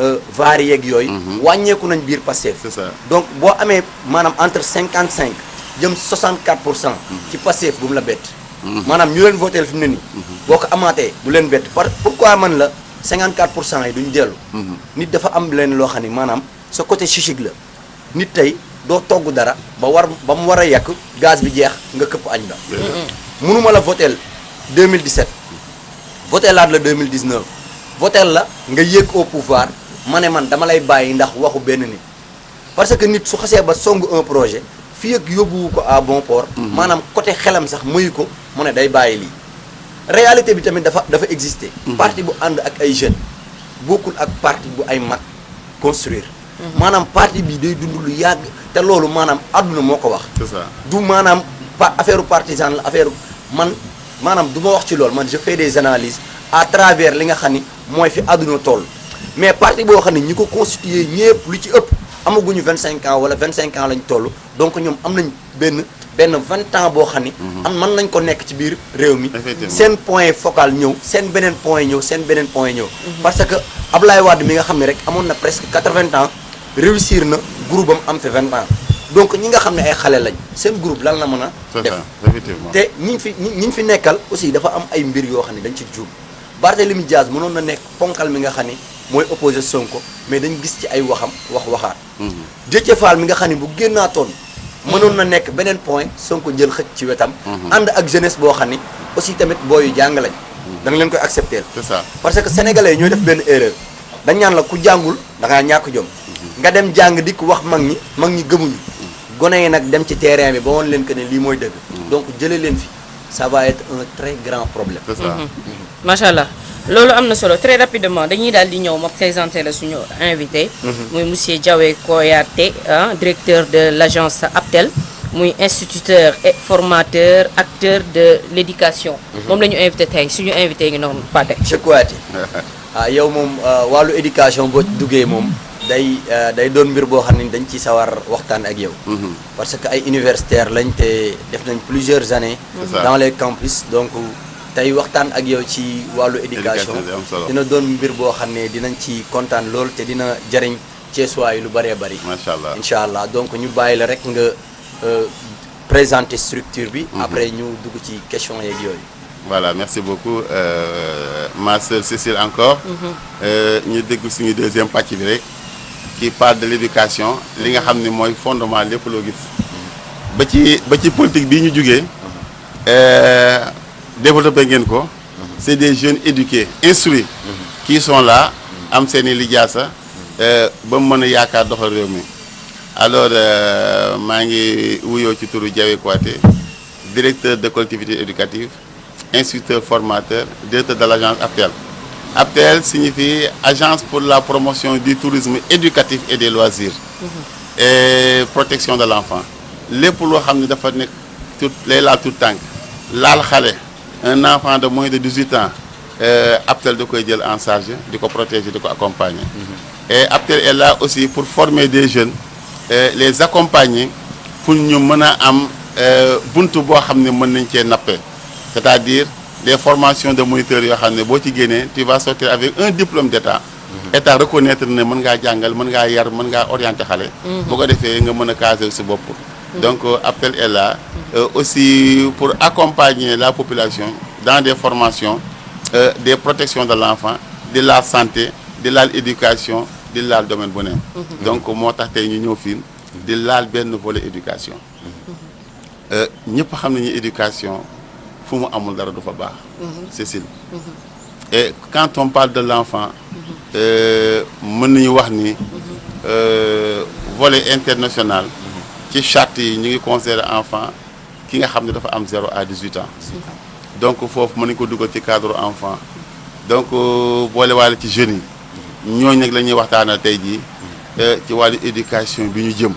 Euh, Varié yeeg yooyu. Mhm. wàññeeku nañ biir Pastef. donc bo amé manam entre 55, cinq jëm soixante mhm. ci passé bu la bett. Manam mhm. ñu leen voter fi mu ne nii. boo ko leen bett par pourquoi man la 54% yi duñ dellu. nit dafa am leen lo xani manam sa côté chichique la nit tay do togg dara ba war ba mu war gaz bi jeex nga kepp añ ba. mënuma la voter 2017 voter la 2019 voter la nga yéeg au pouvoir. ma ne man dama lay bàyyi ndax waxu benn ni parce que nit su xasee ba song un projet fii ak yóbbuwu ko à bon port. Mhm. maanaam côté xelam sax mayu ko mu ne day bàyyi lii. réalité bi tamit dafa dafa exister. Mhm. parti bu ànd ak ay jeunes bokkul ak parti bu ay mag construire. Mhm. maanaam parti bi day dund lu yàgg te loolu maanaam àdduna moo ko wax. du maanaam pa affaire partisan la affaire man maanaam du ma wax ci loolu man je fais des analyses à travers li nga xam ni mooy fi àdduna toll. mais parti bo xam ñiko constituer ñepp lu ci ëpp amaguñu 25 ans wala 25 ans lañ toll donc ñom amnañ nañ benn benn 20 ans bo xam mhm. am man nañ ko nekk ci biir réew mi. seen point focal ñëw sen benen point ñëw sen benen point ñëw. Mhm. parce que Ablaye wad mi nga xam rek amon na presque 80 ans réussir na groupe am am fi 20 ans. donc ñi nga xam ay xalé lañ sen groupe lan la mëna def té ñi fi ñi fi nekkal aussi dafa am ay mbir yo xam dañ ci juum Barthélémy Diaz mënon na nekk ponkal mi nga xam mooy opposé Sonko mais dañ gis ci ay waxam wax waxaat. Mhm. Déthié Fall mi nga xam ne bu génnaatoon. mënoon na nekk beneen point Sonko jël xëcc ci wetam. Mhm. ànd ak jeunesse boo xam ni aussi tamit booyu jàng lañ. Mhm. da leen koy accepter. la ça parce que sénégalais ñooy def benn erreur. dañ ñaan la ku jàngul da ñàkk jom. nga dem jàng dikk wax mag ñi mag ñi gëmuñu. gone yi nag dem ci terrain bi ba woon leen que ne lii mooy dëgg. donc jëlee leen fi ça va être un très grand problème. c'est ça macha allah. très rapidement dañuy vais présenter la invité. Mhm. monsieur hein, directeur de l'agence Aptel. instituteur et formateur acteur de l'éducation. mom mhm. invité suñu invité ngi ah yow euh, éducation day euh, day mhm. parce que ay lañ plusieurs années. dans les campus donc. tey waxtaan ak yow ci wàllu éducation dina doon mbir boo xam ne dinañ ci kontaan lool te dina jariñ Ceesuwaay lu baree bari macha allah incha allah donc ñu bàyyi la rek nga euh, présenter structure bi. Mhm. après ñu dugg ci question yeeg yooyu. voilà merci beaucoup euh, ma soeur Cécile encore. Mhm. Euh, ñu dégg suñu deuxième pacc bi rek. qui parle de l' li nga xam ni mooy fondement lépp loo gis. Mhm. ba ci ba ci politique bii ñu jugee. Euh, développé des jeunes éduqués instruits qui sont là am seen i lijaasa ça. Euh, mu mën à faire alors euh, je suis directeur de collectivité éducative instructeur formateur directeur de l'agence APTEL APTEL signifie agence pour la promotion du tourisme éducatif et des loisirs mhm. et protection de l'enfant. Les poulots, tout le temps, tout un enfant de moins de 18 ans euh, Aptel de koy jël en charge de protéger de quoi accompagner. Mhm. et Aptel est là aussi pour former des jeunes euh, les accompagner pour nous mener à am euh, buntu de ne mën c'est-à-dire les formations de moniteurs bo tu vas sortir avec un diplôme d'état Et mhm. reconnaître les mën ngaa jàngal mën ngaa yar mën ngaa orienter xale. Mhm. bu ko defee nga mën a caser donc, euh, Appel est là. Mm-hmm. Euh, aussi pour accompagner la population dans des formations, euh, des protections de l'enfant, de la santé, de l'éducation, de l'art domaine mm-hmm. donc moo tax ñu ñëw de di laal volet éducation mm-hmm. éducation et quand on parle de l'enfant nous avons ni volet international ci charte yi ñu ngi considérer enfant ki nga xam ne dafa am 0 à 18 ans donc foofu mën nañu ko dugal ci cadre enfant donc euh, boolewaale ci jeunes yi ñooñu nag la ñuy waxtaanal tey jii euh, ci wàllu éducation bi ñu jëm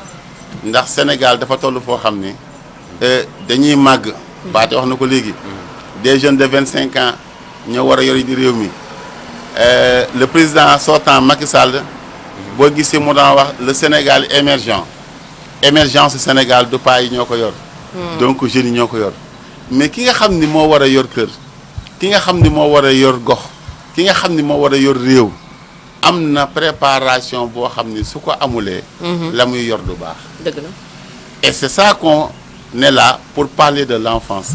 ndax Sénégal dafa toll foo xam ne euh, dañuy màgg baate wax na ko léegi des jeunes de 25 ans ñoo war a yor di réew mi le président sortant Macky Sall boo gisee mu daan wax le Sénégal émergent émergence Sénégal de pays ñoko pas yor. Hmm. donc je yi yor mais ki nga xamni mo wara a yor kër ki nga xamni mo wara a yor gox ki nga xamni mo wara yor réew amna préparation bo xamni suko amulé lamuy hmm. la yor du baax. deug la et c'est ça qu'on est là pour parler de l'enfance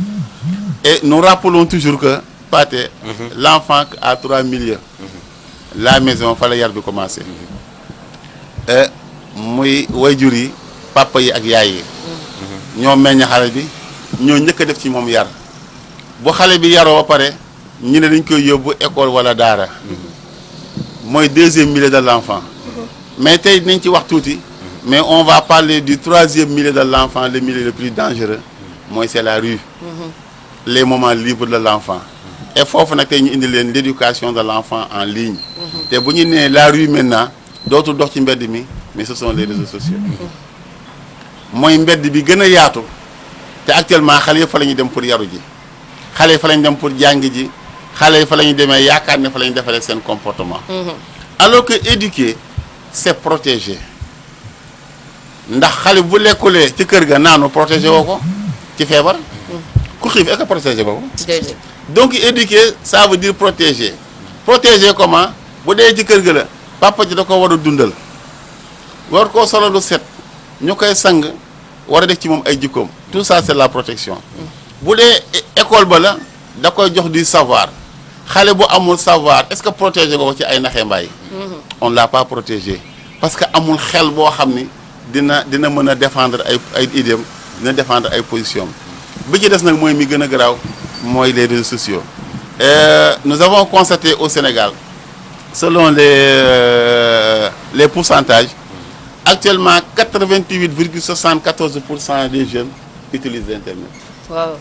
et nous rappelons toujours que pâté hmm. l'enfant a trois milieux. la maison fa la yar bi commencé. muy oui papa yi ak yaay yi. ñoo meññ xalé bi ñoo ñëk def ci mom yar bu xalé bi yaroo ba paré ñi ne dañ koy yobbu école wala deuxième milieu de l'enfant mais tay dinañ ci wax mais on va parler du troisième milieu de l'enfant le milieu le plus dangereux moy c'est la rue les moments libres de l'enfant Il faut que tay ñu l'éducation de l'enfant en ligne té bu ñu né la rue maintenant d'autres dox ci mbedd mais ce sont les réseaux sociaux moy mbedd bi gëna yaatu té actuellement xale fa dem pour yaru ji xale fa dem pour jang ji xale fa faire yaakaar fa comportement. Mhm. alors que éduquer c'est protéger ndax bu lékulé ci kër ga nanu protéger woko ci fébar ku donc éduquer ça veut dire protéger. protéger comment vous dé ci kër ga la papa ji da ko dundal war ko solo set ñu koy sang war def ci mom ay tout ça c'est la protection bu école ba la da koy jox du savoir xalé bu amul savoir est-ce que protéger nga ko ci ay naxé mbaay mm-hmm. on l'a pas protégé parce que amul xel bo xamni dina dina mën défendre ay ay idéem dina défendre ay position bi ci des nak moy mi gëna graw moy les réseaux sociaux euh, nous avons constaté au Sénégal selon les euh, les pourcentages actuellement 88,74 des jeunes utilisent internet. Wow.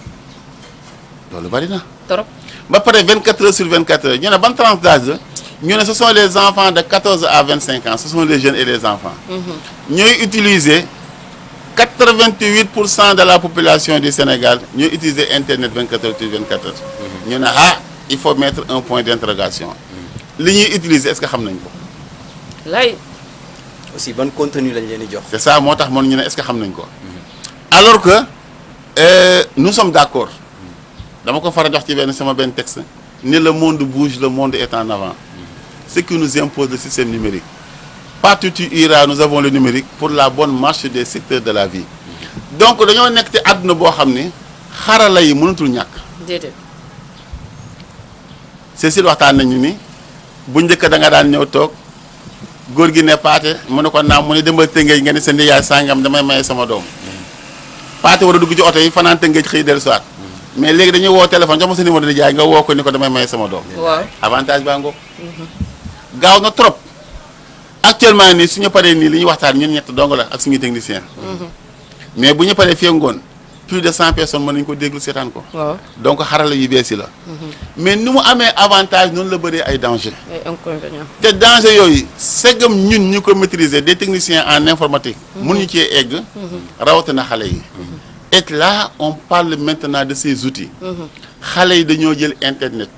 C'est bari trop 24 heures sur 24 heures y y a tranche d'âge ce sont les enfants de 14 à 25 ans ce sont les jeunes et les enfants. Nous utilisons 88 de la population du Sénégal Nous utilisons internet 24 heures sur 24 heures. Mm-hmm. Ah, il faut mettre un point d'interrogation. Mm-hmm. li ñuy utiliser est-ce que vous nañ ko aussi contenu lañ jox. ça moi, tax ñu ne est-ce que xam nañ ko. alors que euh, nous sommes d'accord dama ko faral jox ci sama texte ni le monde bouge le monde est en avant ce qui nous impose le système numérique partout tu iras nous avons le numérique pour la bonne marche des secteurs de la vie donc dañoo nekk ci àdduna boo xam ne xarala yi c'est ñàkk. déedéet. Cécile waxtaan nañu ni bu njëkk da nga daan ñëw toog. góor gi ne paate mu ne ko naam mu ne demal tëngéej nga ne sa ndiyaay sàngam damay maye sama doom paate war a dugg ci oto yi fanaan tëngéej xëy dellusiwaat mais léegi dañuy woo téléphone jox ma sa numéro ndiyaay nga woo ko ni ko damay maye sama doom avantage baa ngoo mhm. gaaw na trop actuellement nii suñu paree nii li ñuy waxtaan ñun ñett dong la ak suñu technicien mhm. mais bu ñu paree fii ngoon plus de 100 personnes monique nañu ko déglu ko. donc xarala yu la. Mhm. mais nous amé avantage noonu la bëree ay danger ay inconvénient c'est danger yoy nous ñun ñu maîtriser des techniciens en informatique. Mhm. mënuñu cee egg. Mhm. na xalé yi. et là on parle maintenant de ces outils. xalé yi dañu jël internet.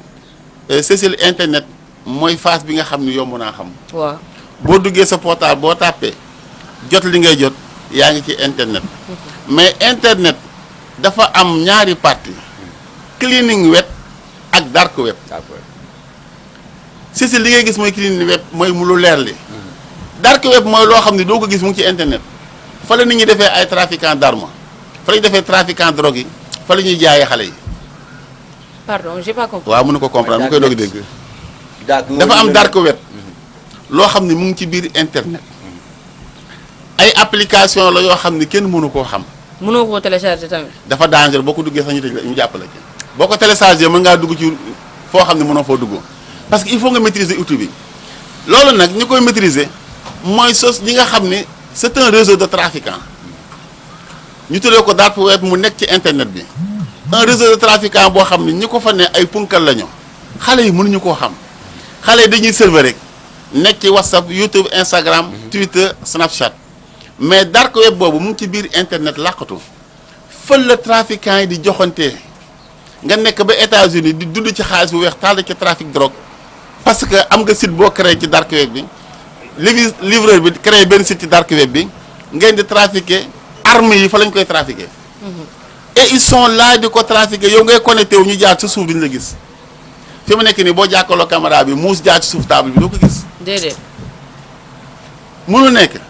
Euh, c'est internet moy face bi nga xam ni yomb na xam. bo duggé sa portable bo tapé jot li ngay jot ci internet. mais internet. dafa am ñaari parti cleaning web ak dark web Sisi si li ngay gis cleaning web mooy mu lu leer li dark web mooy loo xam ne doo ko gis mu ci internet fa la nit ñi defee ay trafiquant d'armes fa la ñuy defee trafiquant drogue yi fa la ñuy jaayee xale yi. pardon j'ai pas compris. waaw mënu ko comprendre mu koy doog dégg. dafa am dark web. Lo xam ne mu ngi ci biir internet. ay application la ham xam ne kenn mënu ko xam. mënoo koo télécharger tamit. dafa dangereux boo ko duggee sax ñu tëj ñu jàpp boo ko télécharger mën ngaa dugg ci foo xam ne mënoo foo dugg parce que il faut nga maîtriser outil bi loolu nag ñi koy maîtriser mooy sos ñi nga xam ne c'est un réseau de trafiquants ñu tuddee ko dark web mu nekk ci internet bi un réseau de trafiquants boo xam ne ñi ko fa ne ay punkal lañu xale yi mun mënuñu koo xam xale yi dañuy server rek nekk ci whatsapp youtube instagram mhm. twitter snapchat mais dark web boobu mu ngi ci biir internet làqatu fël la trafiquants yi di joxante nga nekk ba États-Unis di dund ci xaalis bu weex taal ci trafic drogue parce que am nga site boo créé ci dark web bi livi livreur bi créé benn site ci bi ngeen di trafiqué armes yi fa lañ koy trafiqué. Mhm. et ils sont là di ko trafiqué yow ngay connecté wu ñu jaar ci suuf duñu la gis fi mu nekk nii boo jàkkaloo caméra bi muus jaar ci souftable table bi doo ko gis. déedéet. munu nekk.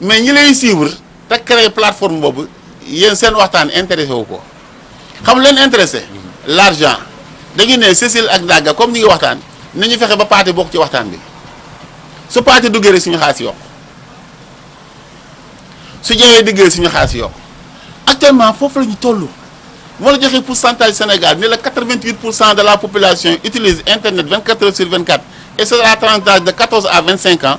mais ñi lay suivre te créé plateforme boobu yéen seen waxtaan intéressé wu ko xam leen intéressé l' argent dañu ne Cécile ak Ndaga comme ñu ngi waxtaan nañu fexe ba paate bokk ci waxtaan bi su paate duggee rek suñu xaalis yokk su jawee duggee suñu xaalis yokk actuellement foofu la ñu toll moo la joxe pourcentage Sénégal ne la 88 pour cent de la population utilise internet 24 heures sur 24 et à la tranche ans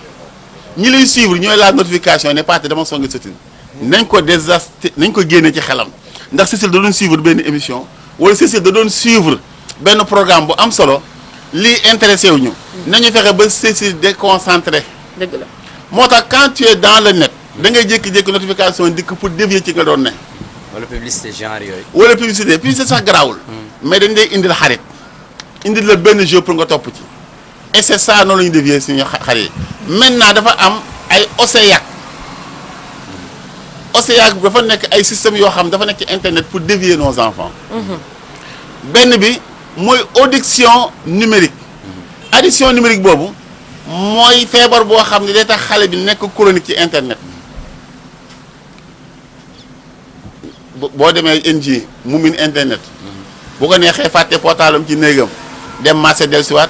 ñi lay suivre ñoy la notification ne Pathé dama songi Cécile nañ ko désasté nañ ko génne ci xelam ndax Cécile da doon suivre ben émission wala Cécile da doon suivre ben programme bu am solo li intéressé wu ñu. nañu fexé ba Cécile déconcentré. deug la motax quand tu es dans le net. da ngay jékki-jékki notification dikk pour dévier ci nga doon ne. wala publicité genre yoy wala publicité publicité ça garaawul. Mm. mais dañ lay indil xarit indil la ben jeu pour nga top ci et c'est ça non la ñu dévier suñu xar maintenant dafa am ay OCEAC OCEAC bi dafa ay système yo xam dafa nek internet pour dévier nos enfants Ben bi moy addiction numérique addiction numérique bobu moy feebar bo xam ne day tax xale bi nek chronique ci internet bo demee NG mu internet mhm. bu ko nexé faté portable ci néegam dem marché dellusiwaat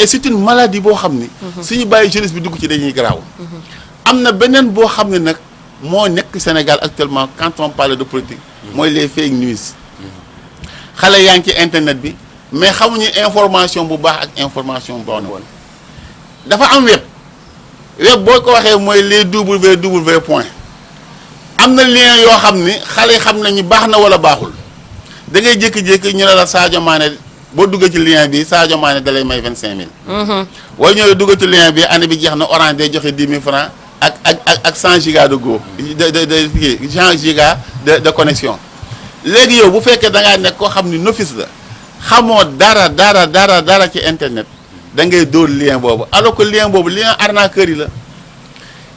et c'est une maladie bo xamni mhm. suñu baye jeunesse bi dugg ci dañuy graw mhm. amna benen bo boo nak mo nek Sénégal actuellement quand on parle de politique. moy mhm. les fake news. xale yaa ci internet bi mais xamuñu information bu baax ak information bu dafa am web web boo ko waxee moy les www point am lien yo xamni ni xamnañu baxna wala baxul da ngay jek jek ñu ne la Sadio Mané. Si vous avez lien, vous avez 25 000. Si vous avez un 000 francs avec 100 10 000 francs avec 100 gigas de, connexion. Les vous que vous avez un office, vous avez dara dara internet. Vous avez deux liens. Alors que le lien est un lien arnaqueur.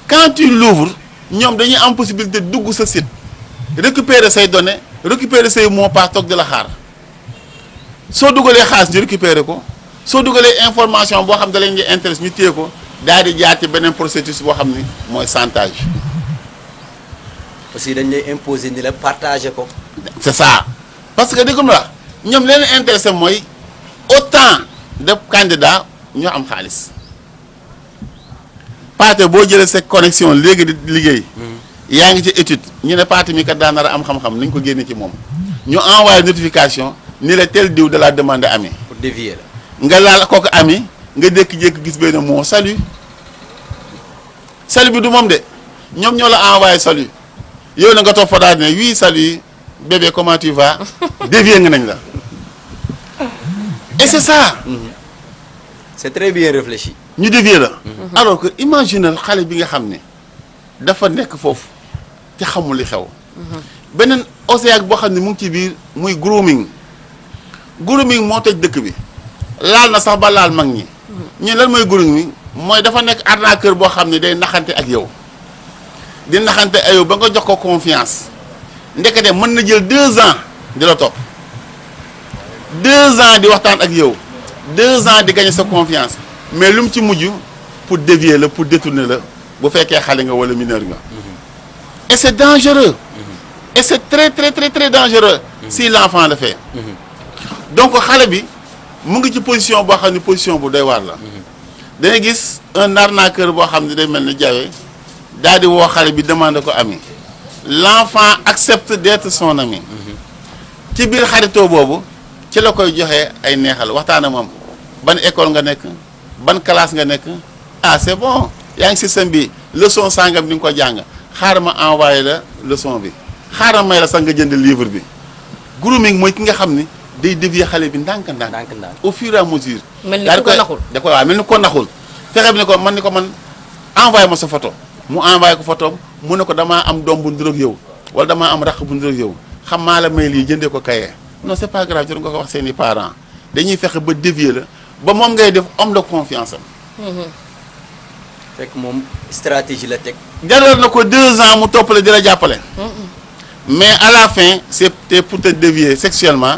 Quand vous l'ouvrez, vous avez une possibilité de ce site, récupérer ces données, récupérer ces mots par toque de la harre soo dugalee xaalis ñu récupérer ko soo dugalee information boo xam da leen ngi intéresse ñu ko daal di jaar processus boo xam un parce que dañ lay imposer ni la partager c'est ça parce que intéressé autant de candidats ñoo am xaalis parti boo connexion hmm. ci étude parti mi notification ni la tel à de la ami. pour dévier la. nga ami nga dekk jek gis salut salut bi du mom de salut yow nga oui salut bébé comment tu vas dévier nga et c'est ça. Mhm. c'est très bien réfléchi. Nous dévier mhm. alors que imagine xalé bi nga xamné dafa nek fofu te xamul li xew. Mhm. benen océan mu ci grooming grooming mo tëj deuk bi laal na sax ba laal mag ñi ñun lan mooy grooming moy dafa nek arnaqueur boo xam ne day naxante ak yow di naxante ak yow ba nga jox ko confiance ndekete mën na jël 2 ans di la top 2 ans di waxtaan ak yow 2 ans di gagner sa confiance mais lu ci muju pour dévier la pour détourner la bu fekkee xale nga wala mineur nga et c'est dangereux mm-hmm. et c'est très très très très dangereux mm-hmm. si l'enfant le fait mm-hmm. donc xale bi mu ngi ci position boo xam ne position bu doy waar la dangay gis un arnaqueur boo xam ne day mel ni Diawe daal di woo xale bi demande ko ami l'enfant accepte d'être son ami ci biir xaritoo boobu ci la koy joxe ay neexal waxtaan ak moom ban école nga nekk ban classe nga nekk ah c'est bon yaa ngi système bi leçon sangam di nga ko jàng xaaral ma envoyé la leçon bi xaaral may la sax nga jënd livre bi grooming mooy ki nga xam ni day dévier xalé bi ndank ndank au fur et à mesure. mel ni ko naxul da ko wa mel ni ko naxul. fexe bi ko man ni ko man envoyé ma sa photo mu envoyé ko photo mu ne ko dama am doom bu nduróog yow wala dama am raq bu nduróog yow xam maa la may lii jëndee ko kayé non c'est pas grave jot nga ko wax seen parents dañuy fexé ba dévier la ba mom ngay def homme de confiance am. Mhm. fekk mom stratégie la tek jaral na ko deux ans mu toppale di la jàppale. Mhm. mais à la fin c'était pour te dévier sexuellement.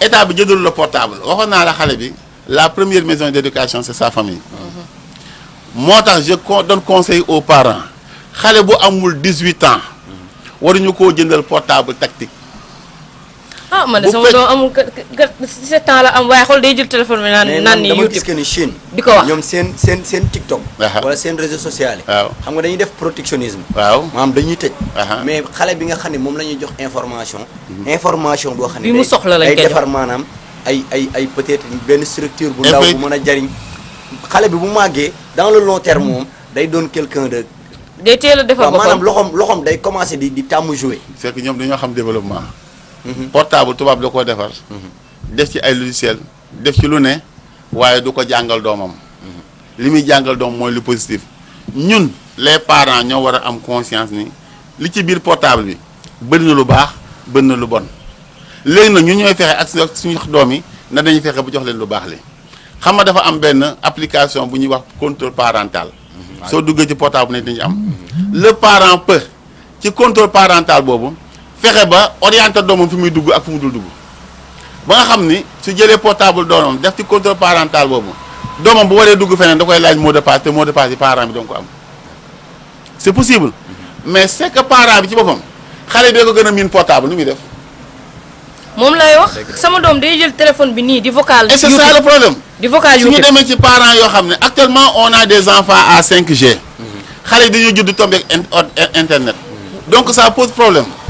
état bi le portable la la première maison d'éducation c'est sa famille. Mhm. Moi je donne conseil aux parents xalé bu amul 18 ans waruñu ko jëndal portable tactique. ah man de sama doom amul kër 17 ans la am waaye xool day jël téléphone bi naan ni di ko wax ñoom seen seen seen TikTok wala seen réseau social yi waaw xam nga dañuy def protectionnisme waaw maanaam dañuy tëj mais xale bi nga xam ne moom la ñuy jox information mhm. information boo xam ne di mu soxla lañ koy defar maanaam ay ay ay peut benn structure bu ndaw bu mën a jariñ xale bi bu maggee dans le long terme moom day doon quelqu'un de day teel a defar boppam maanaam loxom loxom day commencer di di tàmm jouer c'est développement Mhm. portable tubaab da koo defar. Mhm. def ci ay logiciel def ci lu ne waaye du ko jàngal doomam. Mhm. li muy jàngal doom positif nous, les parents ñoo avons conscience ni li ci portable bi bëri na lu baax bon léegi nag nous ñooy ak suñu doom na dañuy fexe bu jox leen lu baax li application bu contrôle parental. soo duggee ci portable le parent peut ci contrôle parental fexe ba orienté doomam fi muy dugg ak fu mu dul dugg ba nga xam ni su jëlee portable doomam def ci contrôle parental boobu doomam bu waree dugg feneen da koy laaj mot de passe te mot de passe yi parent bi doon ko am c'est possible mm-hmm. mais c'est que parent bi ci boppam xale bi da ko gën a miin portable nu muy def. moom lay wax sama doom day jël téléphone bi nii di vocal. est et c'est ça le problème. di vocal su ñu demee ci parents yoo xam ne actuellement on a des enfants à 5G. Mm-hmm. xale yi dañoo judd tombé ak internet. Mm-hmm. donc ça pose problème.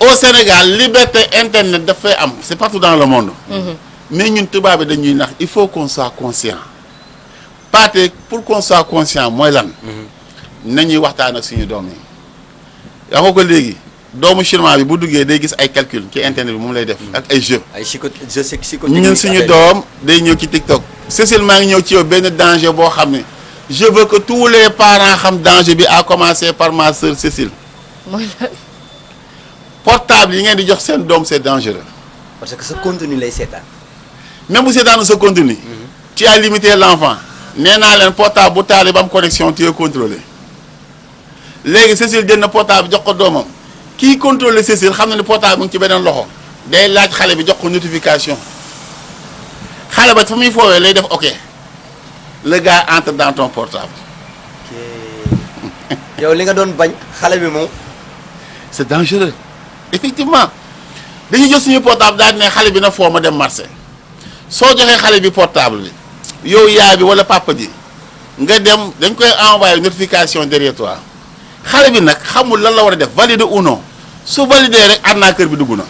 au Sénégal liberté internet dafay am c'est partout dans le monde. Mhm. mais ñun tubaab bi dañuy nax il faut qu'on soit conscient. Paate pour qu'on soit conscient mooy lan. Mhm. nañuy waxtaan ak suñu doom et yaa collègues ko léegi doomu chinois bi bu duggee day gis ay calcul ci internet bi moom lay def. ak ay jeux. ay psycho ñun suñu doom day ñëw ci TikTok. Cécile maa ngi ñëw ci yow danger boo xam je veux que tous les parents xam danger bi à commencer par ma sœur Cécile portable yi ngeen c'est dangereux. parce que ce contenu lay seetaan. même c'est dans ce contenu. Mhm. tu as limité l'enfant. nee un un portable bu as connexion tu es contrôlé Les Cécile a le portable jox ko Qui qui contrôlé Cécile xam na portable mu ci notification Il ba a une ok le gars entre dans ton portable. Ok. li nga bañ c'est dangereux. effectivement dañuy jël suñu portable daal di ne xale bi na foo ma dem marché soo joxee xale bi portable bi yow yaay bi wala papa ji nga dem dañ koy envoyé notification derrière toi xale bi nag xamul lan la war a def valide ou non su validé rek kër bi dugg na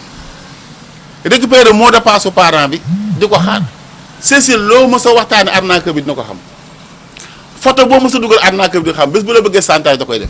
récupérer mot de passe su parent bi di ko xaar ceci loo mës a waxtaane kër bi dina ko xam photo boo mës a dugal arnaqueur bi di ko xam bés bu la bëggee chantage da koy def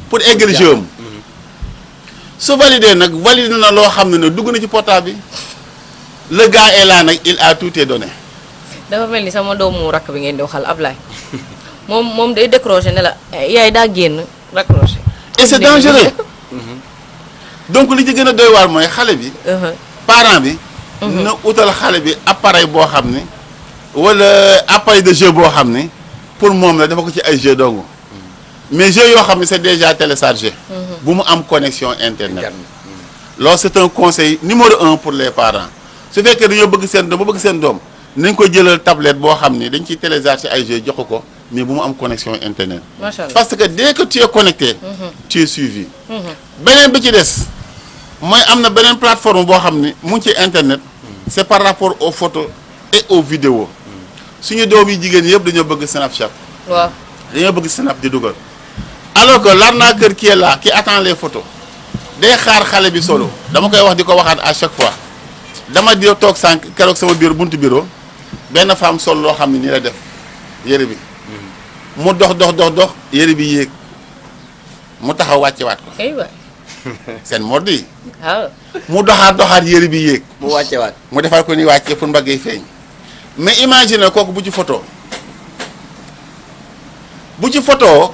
pour eggali jeu Ce validé na lo xamné na portable le gars est là il a tout est donné. ni sama doomu rak bi ngeen di waxal Mom mom day la eh, et c'est dangereux. donc li ci gëna doy war moy xalé bi. Uh-huh. parent bi. Uh-huh. na appareil bo wala appareil de jeu pour xamné pour moi, ko ci jeu mais je yoo c'est déjà téléchargé. Mhm. bu mu am connexion internet. loolu c'est un conseil numéro un pour les parents su fekkee que bëgg seen doom ba bëgg seen doom tablette vous xam ne dañ téléchargé ay jeux mais bu mu am connexion internet. parce que dès que tu es connecté. Mhm. tu es suivi. Mhm. beneen bi ci des mooy am une plateforme qui est sur internet. c'est par rapport aux photos et aux vidéos. suñu doom yi jigéen yëpp dañoo bëgg Snapchat. waaw dañoo bëgg Snap di alors que l'arnaqueur naa est ki qui attend les photos day xaar xale bi solo dama koy wax di ko waxaat à chaque fois dama di toog sànq keroog sama biir buntu bureau benn femme sol loo xam ne nii la def yére bi hmm. mu dox dox dox dox yére bi yéeg mu taxaw wàccewaat ko. seen mor mu doxaat doxaat yére bi yéeg. mu wàccewaat mu defaat ko ni wàccee pour mbaggay feeñ. mais imagine kooku bu ci photo bu ci photo.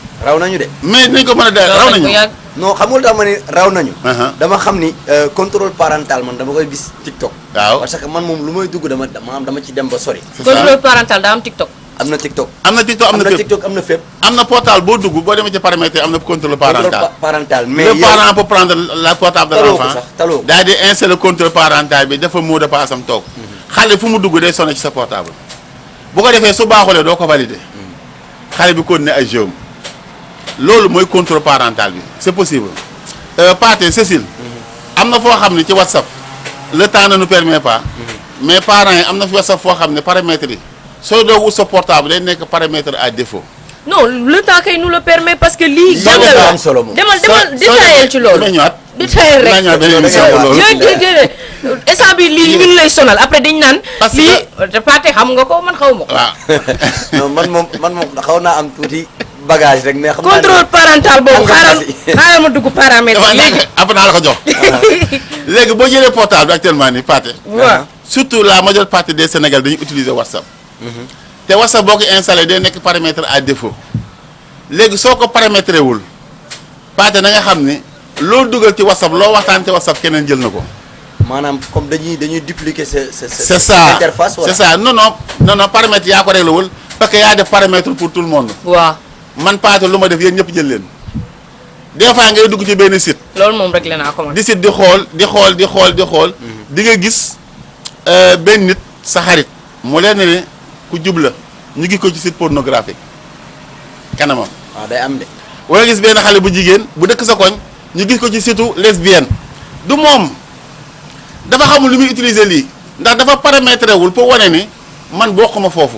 raw nañu de. mais nañ ko mën a dee raw nañu. non xam nga lu tax ma ne raw nañu. dama xam ni euh, contrôle parental man dama koy gis TikTok. waaw parce que man moom lu may dugg dama maanaam dama ci dem ba sori. contrôle parental daa am na TikTok am na TikTok boo dugg boo demee ci paramètres am na contrôle parental parental mais yow le parent peut prendre la portable de l'enfant taloo ko daal di installer contrôle parental bi dafa mot de passe toog. Mhm. xale fu mu dugg day sonné ci sa portable. bu ko defee su baaxulee doo ko validé. Mhm. xale bi continué ay jeu loolu contrôle parental c'est possible euh, Pathé Cécile amna fo foo ci WhatsApp le temps ne nous permet pas mais parents amna fi WhatsApp fo ne paramètres yi pas de portable paramètre à défaut non le temps nous le permet parce que li demal ci après détail. bagage rek mais xam contrôle parental boobu xaram xaram ma dugg paramètre après ah, na la ko jox légui bo jëlee portable actuellement ni paté surtout la majeure partie des Sénégalais dañuy utiliser WhatsApp mhm. té WhatsApp boo ko installé day nekk paramètre à défaut légui soko paramétrer paramétré wul paté na nga xamné ni loo ci WhatsApp lo waxtaan ci WhatsApp kenen jël nako manam comme dañuy dañuy dupliquer ces ces sa. sa interface ça. c'est ça non non non non paramètre yaa ko réglé wul parce que a des paramètres pour tout le monde waaw man paate lu ma def yéen ñëpp jël leen des fois ngay dugg ci benn site. loolu moom rek la naa ko di site di xool di xool di xool di xool. Mhm. di nga gis euh, benn nit sa xarit. mu leen ne ku jub la ñu gis ko ci site pornographique kanamam. Ah, day am de. wala gis benn xale bu jigéen bu dëkk sa koñ ñu gis ko ci site lesbienne du moom dafa xamul lu muy utiliser lii ndax dafa paramétré wul pour wane ni man ma foofu.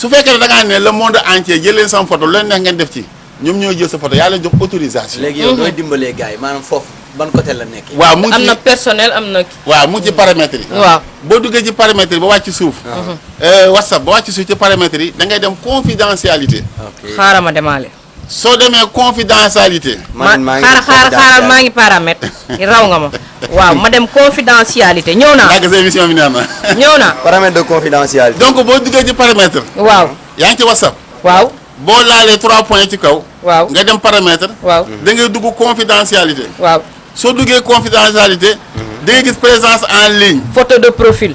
su fekkee ne da ngaa ne le monde entier jël leen sama photo leen neex ngeen def ci ñoom ñooy jël sa photo yaa leen jox autorisation. léegi yow nooy mhm. dimbalee gars yi maanaam foofu ban côté la nekk. waa mu ngi am na am na. waaw mu ngi ci paramètres yi. Mhm. boo duggee ci paramètres yi ba wàcc suuf. Mhm. Euh, WhatsApp ba wàcc suuf ci paramètres yi da ngay dem confidentialité. ok xaaral ma demaale. soo demee confidentialité. man maa ngi xaaral xaaral maa ngi paramètre raw nga ma waaw ma dem confidentialité ñëw naa. ndax émission bi neex na. ñëw naa. paramètre de confidentialité. donc boo duggee ci paramètre. waaw yaa ngi ci whatsapp. waaw boo laalee trois points ci kaw. waaw nga dem paramètre. waaw da ngay dugg confidentialité. waaw soo duggee confidentialité. Mhm. da ngay gis présence en ligne. photo de profil.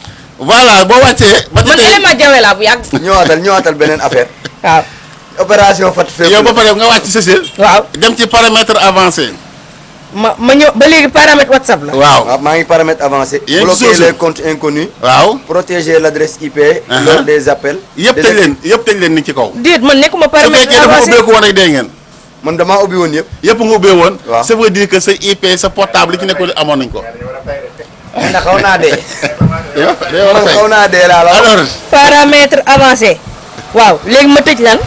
voilà boo wàccee. ba tey man élément jawe laa bu yàgg. ñëwaatal ñëwaatal beneen affaire. waaw. opération Fatou Seye. yow ba pare nga wàcc Cécile. waaw dem ci paramètre avancé. ma ma ñëw ba léegi paramètre WhatsApp la. waaw waaw maa ngi paramètre avancé. yéen bloquer les comptes inconnus. waaw protéger l' adresse IP. lors des appels. yëpp tëj leen yëpp tëj leen ni ci kaw. déet man nekkuma paramètre avancé su fekkee dafa ubbeeku woon rek dee ngeen. man damaa ubbi woon yëpp. yëpp nga ubbee woon. waaw ça veut dire que sa IP sa portable li ci nekkoon amoon nañ ko. man xaw naa dee. yow man xaw naa dee la alors paramètre avancé. waaw léegi ma tëj lan.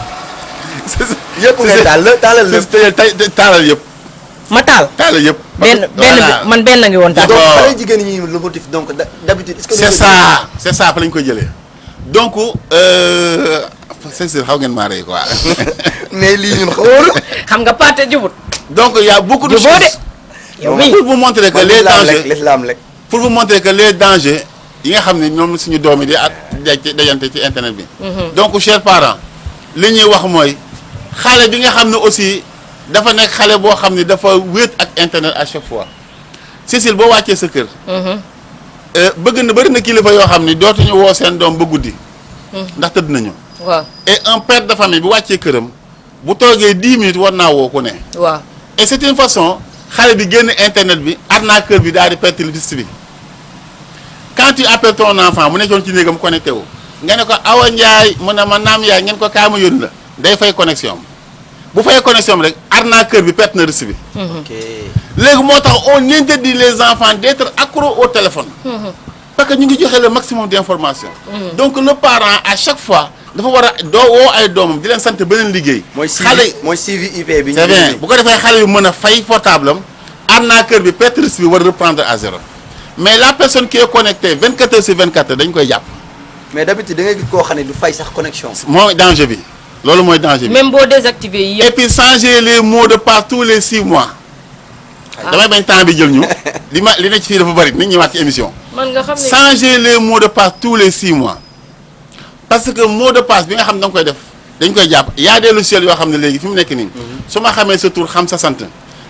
yëpp ngeen taal la taalal lépp taalal yëpp. ma taal. taalal yëpp. benn benn bi man benn ngi woon taal. donc xale jigéen ñi le motif donc d'habitude est-ce que c'est ça c'est ça fa lañ ko jëlee. donc euh, sincère xaw ngeen maa rey quoi. mais lii ñun xóor. xam nga a beaucoup de choses. yow mii pour vous montrer que les dangers pour vous montrer que les dangers yi nga xam ne suñu doom di at dajante ci internet bi. Mhm. donc chers parents li ñuy wax moy xalé bi nga xamné aussi dafa nek xalé bo xamné dafa wéet ak internet à chaque fois Cécile bo waccé sa kër. Mhm. Euh, bëgg na bëri na kilifa yo xamné ni ñu wo seen doom ba guddii mhm. ndax teud nañu. waaw et un père de famille bu waccé kërëm bu toogee 10 minutes war na wo ku né waaw et c'est une façon xalé bi génn internet bi kër bi daal di perte liste bi quand tu appelles ton enfant mu nekkoon ci néegam connecté wu nga ne ko Awa Ndiaye mu ne ma nam yaay ngeen ko kaamu yónni la day fay connexion bu fay connexion rek arnaqueur bi perte na risque mhm. ok léegi moo tax on interdit les enfants d' être accro au téléphone. Mhm. parce que ñu ngi joxe le maximum d' information. Mhm. donc le parent à chaque fois dafa war a doo woo ay doomam di leen sant beneen liggéey. mooy suivi mooy suivi IP bi. c' bien bu ko defee xale yu mën a fay portable am arnaqueur bi perte risque bi war a reprendre à zéro mais la personne qui est connectée 24 heures sur 24 heures dañ koy japp mais d'habitude da ngay gis koo du fay sax connexion. moy danger bi loolu moy danger bi. même boo désactivé et puis changer les mots de passe tous les 6 mois. Ah. damay bañ temps bi jël ñu. li ma li nekk fii dafa bari nit ñi ñëwaat ci émission. man nga changer les mots de passe tous les 6 mois. parce que mot de passe bi nga xam da nga koy def dañ koy Il y a des logiciels yoo xam ne léegi fi mu nekk nii. Mhm. su ma xam sa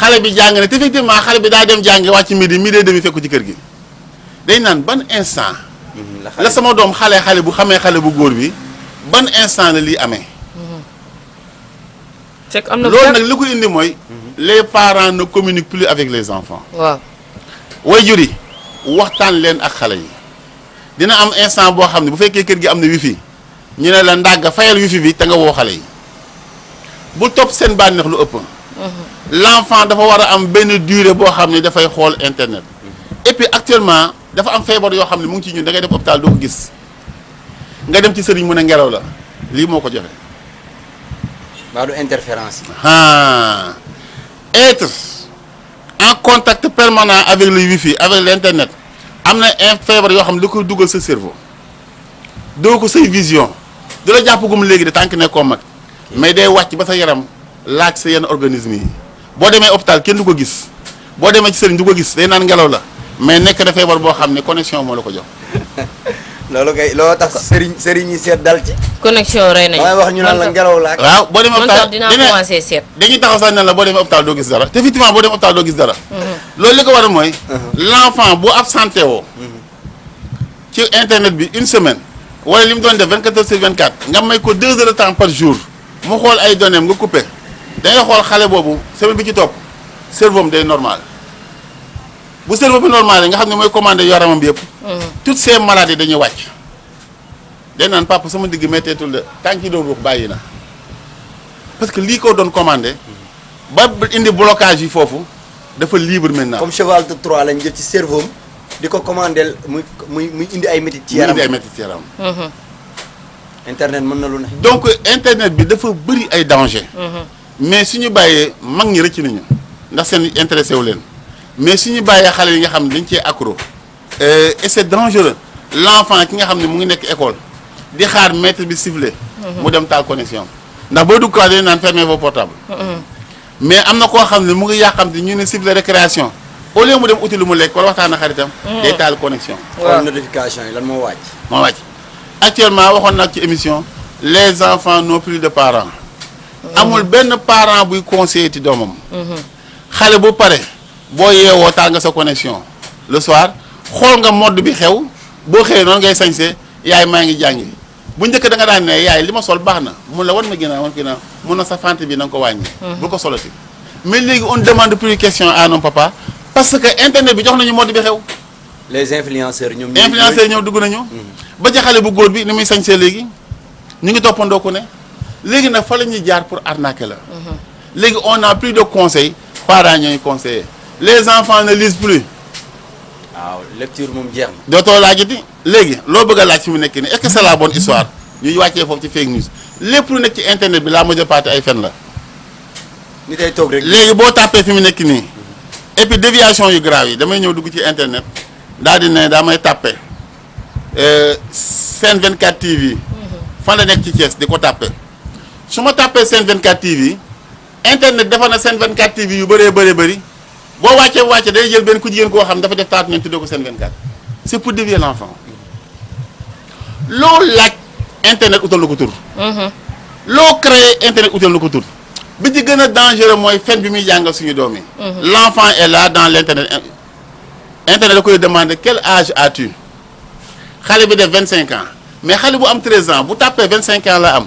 xalé bi jàng na effectivement xalé bi daa dem jàngi wàcc midi midi demi fekku ci kër gi day naan ban instant. Mm-hmm. la sama doom xale xale bu xamee xale bu góor bi ban instant la lii amee. Mm-hmm. c'est am na loolu nag li ko indi mooy. Mm-hmm. les parents ne communiquent plus avec les enfants. waaw waajur yi waxtaan leen ak xale yi dina am instant boo xam ne bu fekkee kër gi am na wifi ñu ne la ndàgg fayal wifi bi te nga woo xale yi bu topp seen bànneex lu ëpp. l'enfant dafa war a am benn durée boo xam ne dafay xool internet. et actuellement dafa am feebar yoo xam ne mu ngi ci ñun da ngay dem hôpital doo ko gis nga dem ci sëriñ mu ne ngelaw la lii moo ko joxe. waaw du interférence. être en contact permanent avec le wifi avec internet am na un feebar yoo xam ne da koy dugal sa servo doo ko say vision du la jàppagum léegi de tànk nekkoo mag mais day wàcc ba sa yaram. laaj sa yenn organisme yi boo demee hôpital kenn du ko gis boo demee ci sëriñ du ko gis day naan ngelaw la mais nekk na feebar boo xam ne connexion moo la ko jox. loolu kay loo tax sëriñ sëriñ yi seet dal ci. connexion rey nañu wax ñu naan la ngelaw la waaw boo demee hôpital dinaa commencé seet. dañuy taxaw sax naan la boo demee hôpital doo gis dara te effectivement boo demee hôpital doo gis dara. Mhm. loolu li ko waral mooy. Mhm. l'enfant bu absenté woo. Mhm. ci doon de temps par jour mu xool ay données da xol xalé bobu boobu semaine bi ci top cerveau day normal bu cerveau bi normal nga xamni moy commander commandé yaramam bi yëpp. Mm-hmm. toutes ces maladies dañuy wacc day nan papa sama digg métteetul de tànk yi doon ruux parce que li ko doon commander ba indi blocage yi fofu dafa libre maintenant. comme cheval de trois lañ jël ci cerveau di ko commandé muy muy muy indi ay métit ci yaram indi ay métit ci yaram. Mm-hmm. internet mën na lu ne. donc internet bi dafa bëri ay danger mm-hmm mais su ñu bàyyee mag ñi rëcc nañu ndax seen intéressé wu leen mais su ñu bàyyee xale yi nga xam ne dañ cee accro euh, et c'est dangereux l'enfant ki nga xam ne mu ngi nekk école di xaar maître bi siffler. Mhm. mu dem taal connexion ndax boo dugg dañu naan fermer vos portables. Mhm. mais am na koo xam ne mu ngi yàqamte ñu ne siffler récréation au lieu mu dem uti lu mu lekk wala waxtaan na xaritam. Mhm. day tal connexion. waaw notification yi lan moo wàcc. moo wàcc actuellement waxoon naa ci émission les enfants n'ont plus de parents amul benn parent buy conseiller ci doomam. bu pare bo yéwo taal sa connexion le soir xol nga mode bi xew bo xé non ngay sañsé yaay un da nga ne sol ma sa mhm. solati mais on demande plus questions à non papa parce que internet bi jox nañu mod bi xew. les influenceurs influenceurs dugg nañu. Mhm. ba un bu goor bi ni léegi nag fa la ñuy jaar pour arnaquer la. léegi on a plus de conseils parents ñooy conseiller les enfants ne lisent plus. Ah, lecture moom jeex na. dootoo laajati léegi loo bëgg a laaj fi mu nekk nii est-ce que c'est la bonne histoire ñuy wàccee foofu ci fake news lépp lu nekk ci internet bi laa mujj parti ay fen la. ni day toog rek léegi boo tàppee fi mu nekk nii. et puis déviation yu grave yi damay ñëw dugg ci internet daal di ne daa may tàppe euh, Sen 24 TV. Mhm. fan la nekk ci Thiès di ko tàppe si je tape 24 TV internet defar na 24 TV yu bëree bëree bëri boo wàccee wàccee day jël benn ku jigéen koo xam dafa def taatu neen ko seen 24 c'est pour dévier l'enfant Lo laaj internet utal na ko tur. Mhm. loo créé internet utal na ko tur. bi est gën a dangereux mooy fen bi muy jàngal suñu mhm. l'enfant est là dans l'internet internet lui demande quel âge as-tu xale bi de 25 ans mais xale bu am 13 ans bu tapez 25 ans la am.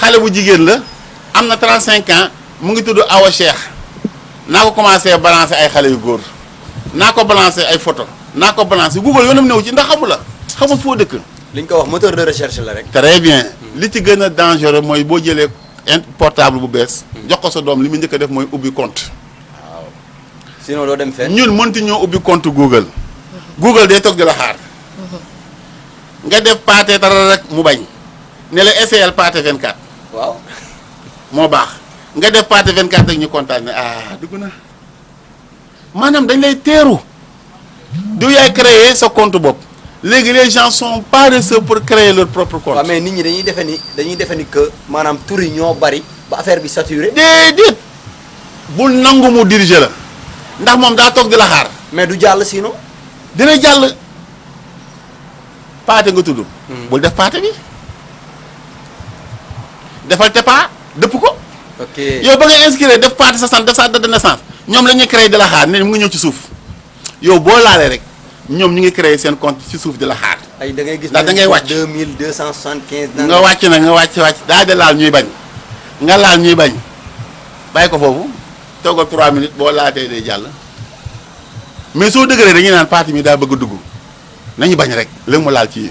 xalé bu jigéen la amna 35 ans mu ngi tudd Awa Cheikh naa ko commencé balancer ay xalé yu góor naa ko balancer ay photo naa ko balancer Google yoonam néew ci ndax xamu la xamu foo dëkk. liñ ko wax moteur de recherche la rek. très bien hmm. li ci gën a dangereux mooy boo jëlee portable bu bees. Hmm. jox ko sa doom li mu njëkk a def mooy ubbi compte. waaw sinon doo dem fenn. ñun mënti ñoo ubbi compte Google. Google day toog di la xaar. Hmm. nga def pâté dara rek mu bañ. ne la essayal pâté 24. waaw moo baax nga def partie 24 ak ñu kontaan ne ah dugg na maanaam dañ lay teeru du yaay créer sa compte bopp léegi les gens sont paresseux pour créer leur propre compte. waaw mais nit ñi dañuy defe ni dañuy defe ni que maanaam tur yi ñoo bari ba affaire bi saturé. déedéet bul nangu mu diriger la ndax moom daa toog di la xaar. mais du jàll sinon. dina jàll paate nga tudd. Hmm. bul def paate bi. defal te pas dëpp ko. ok yow ba nga inscrire def pas de sa sant def sa date de naissance ñoom la ñuy créé di la xaar ne mu ngi ñëw ci suuf yow boo laalee rek ñoom ñu ngi créé seen compte ci suuf di la xaar. ay da ngay gis da ngay wàcc 2275. nga wàcc na nga wàcc wàcc daal di laal ñuy bañ nga laal ñuy bañ bàyyi ko foofu toogal 3 minutes boo laatee day jàll mais soo dëgëree dañuy naan parti mii daa bëgg dugg nañu bañ rek léegi mu laal ci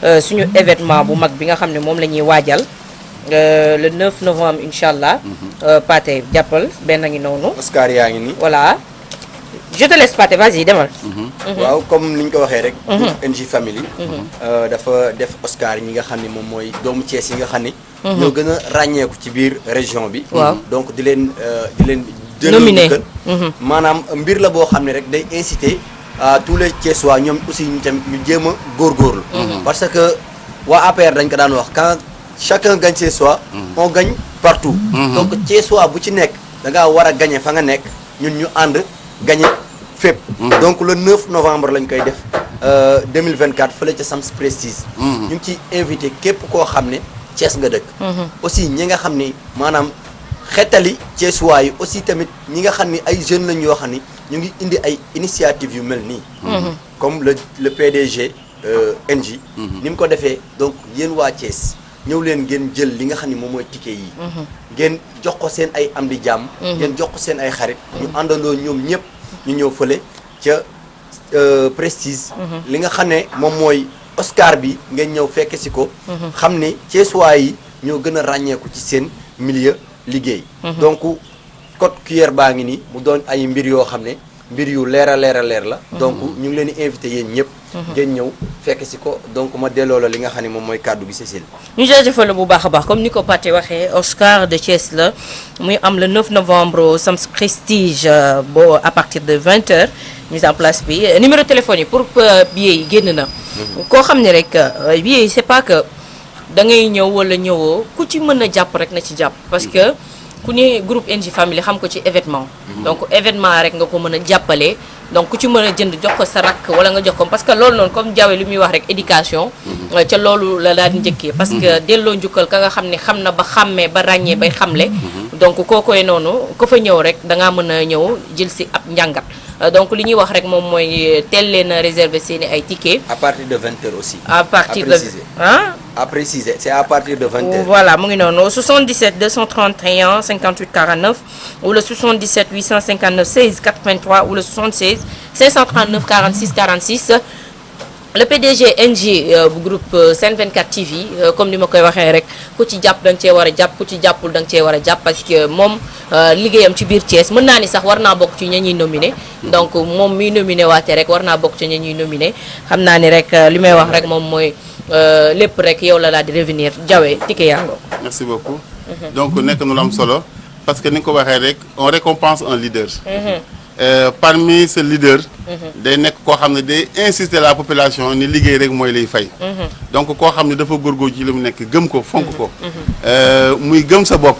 Euh, suñu événement bu mag bi nga xamné mom lañuy la euh, le 9 novembre incha allah. Mhm. Euh, Pathé ben benn ngi noonu. Oscar yaa ngi voilà je te laisse Pathé vas-y demal. Mhm. Mhm. waaw comme niñ ko waxé rek. NJ Family. dafa def Oscar ñi nga xamné mom moy mooy doomu yi nga xamné ñoo gën a ci biir région bi. donc di leen di leen. nominé manam mbir la bo xamné rek day inciter tous les Thiessois nous aussi ñu tamit gourgour mhm. parce que wa APR dañ ko daan wax quand chacun gagne chez soi. Mhm. on gagne partout. Mhm. donc Thiessois bu ci nekk da tu war gagner gagné fa nga nous ñun ñu ànd donc le 9 novembre lañ koy def 2024 euh, fële ca Sams Prestige. ñu ngi qui invité képp koo xam ne nga aussi ñi nga xam madame, xetali Ceesuwaa yi aussi tamit ñi nga xam ni ay jeunes lañ yoo xam ni ñu ngi indi ay initiative yu mel nii. Mhm. comme le le PDG euh, NJ. Mhm. ni mu ko defee donc yéen waa Cees ñëw leen ngeen jël li nga xam ni moom mooy ticket yi. Mhm. ngeen jox ko seen ay am di jàmm. ngeen jox ko seen ay xarit. ñu àndandoo ñoom ñëpp ñu ñëw fële ca euh, prestige. li nga xam ne moom mooy Oscar bi ngeen ñëw fekke si ko. xam ni Ceesuwaa yi ñoo gën a ràññeeku ci seen milieu. liggéey. Mhm. donc code QR baa ngi mu doon ay mbir yo xamné mbir yu léra léra lér la. Mhm. donc ñu ngi leen invité yeen ñëpp. Mhm. ngeen ñëw fekk ci ko donc ma delloo la li nga xamné mom moy cadeau bi Cécile. ñu jaajëfal la bu baax baax comme ni paté waxé Oscar de Thiès la muy am le 9 novembre au Sams Prestige euh, bo à partir de 20h mise en place bi numéro téléphone pour euh, billet yi génn na. ko xamné rek euh, billets yi c'est pas que. da ngay ñëw wala ñëwoo ku ci mën a jàpp rek na ci jàpp parce que ku ni groupe NJ Family xam ko ci événement mhm. donc événement rek nga ko mën a jàppale donc ku ci mën a jënd jox ko sa rakk wala nga jox ko parce que loolu noonu comme jawe li muy wax rek éducation mhm. euh, ca loolu la daan mhm. njëkkee parce que delloo njukkal ka nga xam ni xam na ba xàmmee ba ràññee bay xamle donc koo koy noonu ko fa ñëw rek dangaa mën a ñëw jël si ab njàngat Euh, donc li ñuy wax rek moyen moy réserve c'est tickets. à partir de 20h aussi. Hein? à préciser c'est à partir de 20h. voilà mon ngi 77 231 58 49 ou le 77 859 16 83 le 76 539 46 46 le PDG NG euh, bu groupe euh, Sen 24 TV euh, comme ni ma koy waxee rek ku ci jàpp da nga cee war a jàpp ku ci jàppul da nga cee war parce que moom liggéeyam ci biir ties mën naa ni sax warna bok ci ñi ñuy nominé donc mom mi nominé waate rek warna bok ci ñi ñuy nominé xamna ni rek li may wax rek moom mooy lepp rek yow la laa di revenir Diawé tike yaa merci beaucoup mhm. donc nek nu l'am solo parce que ni nga ko waxee rek on récompense un leader. Mhm. Euh, parmi ces leaders. Mhm. day nekk koo xam ne insister la population ni liggéey rek moy lay fay. Mhm. donc ko xamné dafa gorgo ci li nek nekk gëm ko fonk ko. Mhm. Euh, muy gëm sa bop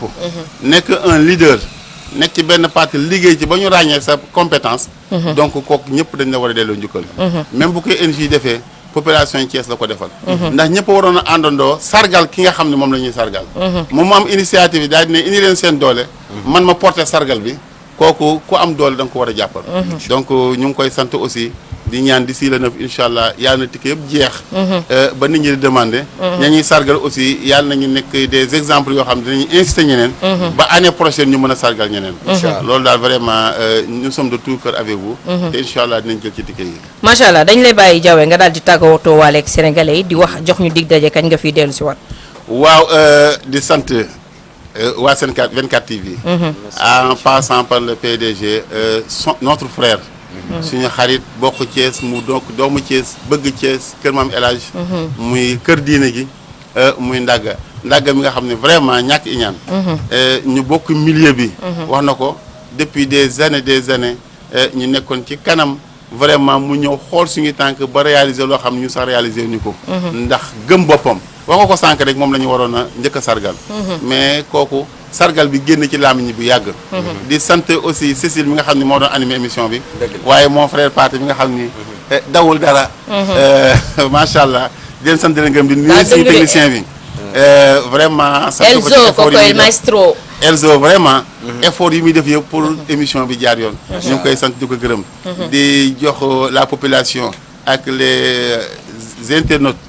nek un leader. nek ci ben parti liggéey ci bañu ragné sa compétence. donc kooku ñëpp dañ la wara délo ñukal même bu koy énergie défé population Thiès la ko defal. ndax ñëpp warona andando sargal ki nga xamné mom lañuy sargal. mom am initiative daal di ne indi leen man ma porter sargal bi. kooku ku am doole da nga ko war a jàppal. Mhm. donc ñu ngi koy sant aussi di ñaan d'ici le neuf incha allah yàlla na ticket yëpp jeex. Mhm. Euh, ba nit ñi di demandé. Mhm. ña ñuy sargal aussi yàlla nañu nekk des exemples yoo xam ne dinañu incité ñeneen. ba année prochaine ñu mën a sargal ñeneen. loolu daal vraiment euh, nous sommes de tout cœur avec vous. te incha dinañ jël ci ticket yi. macha allah dañ lay bàyyi jawee nga daal di tàggatoo waale ak sénégalais yi di wax jox ñu dig daje kañ nga fiy dellu si waat. waaw euh, di sant. Euh, waa seen 24 TV. en passant par le PDG euh, son notre frère. Mhm. suñu xarit bokk Thiès mu donc doomu Thiès bëgg Thiès kër maam El Hadj mhm. muy kër diine gi euh, muy ndàgg ndàgg mi nga xam ne vraiment ñàkk iñaan mhm. ñu bokk milieu bi. wax depuis des années des années ñu nekkoon ci kanam vraiment mu ñëw xool suñu tànk ba réaliser loo xam ñu sax réaliser ñu ko. ndax gëm boppam wax nga rek mom lañu warona waroon sargal mhm. mais kooku sargal bi génn ci làmmiñ bi yag mhm. di santé aussi Cécile mi nga xamni mo moo doon animé émission bi waye mon frère Pathé mi nga xamni mhm. eh, dawul dara euh machallah di leen sant di leen gërëm di nuyu suñu technicien bi euh vraiment sant ko ci effort maestro Elzo vraiment effort yi mi def yeup pour émission bi jaar yoon ñu koy sant di ko gëreum di jox euh, la population ak les euh, internautes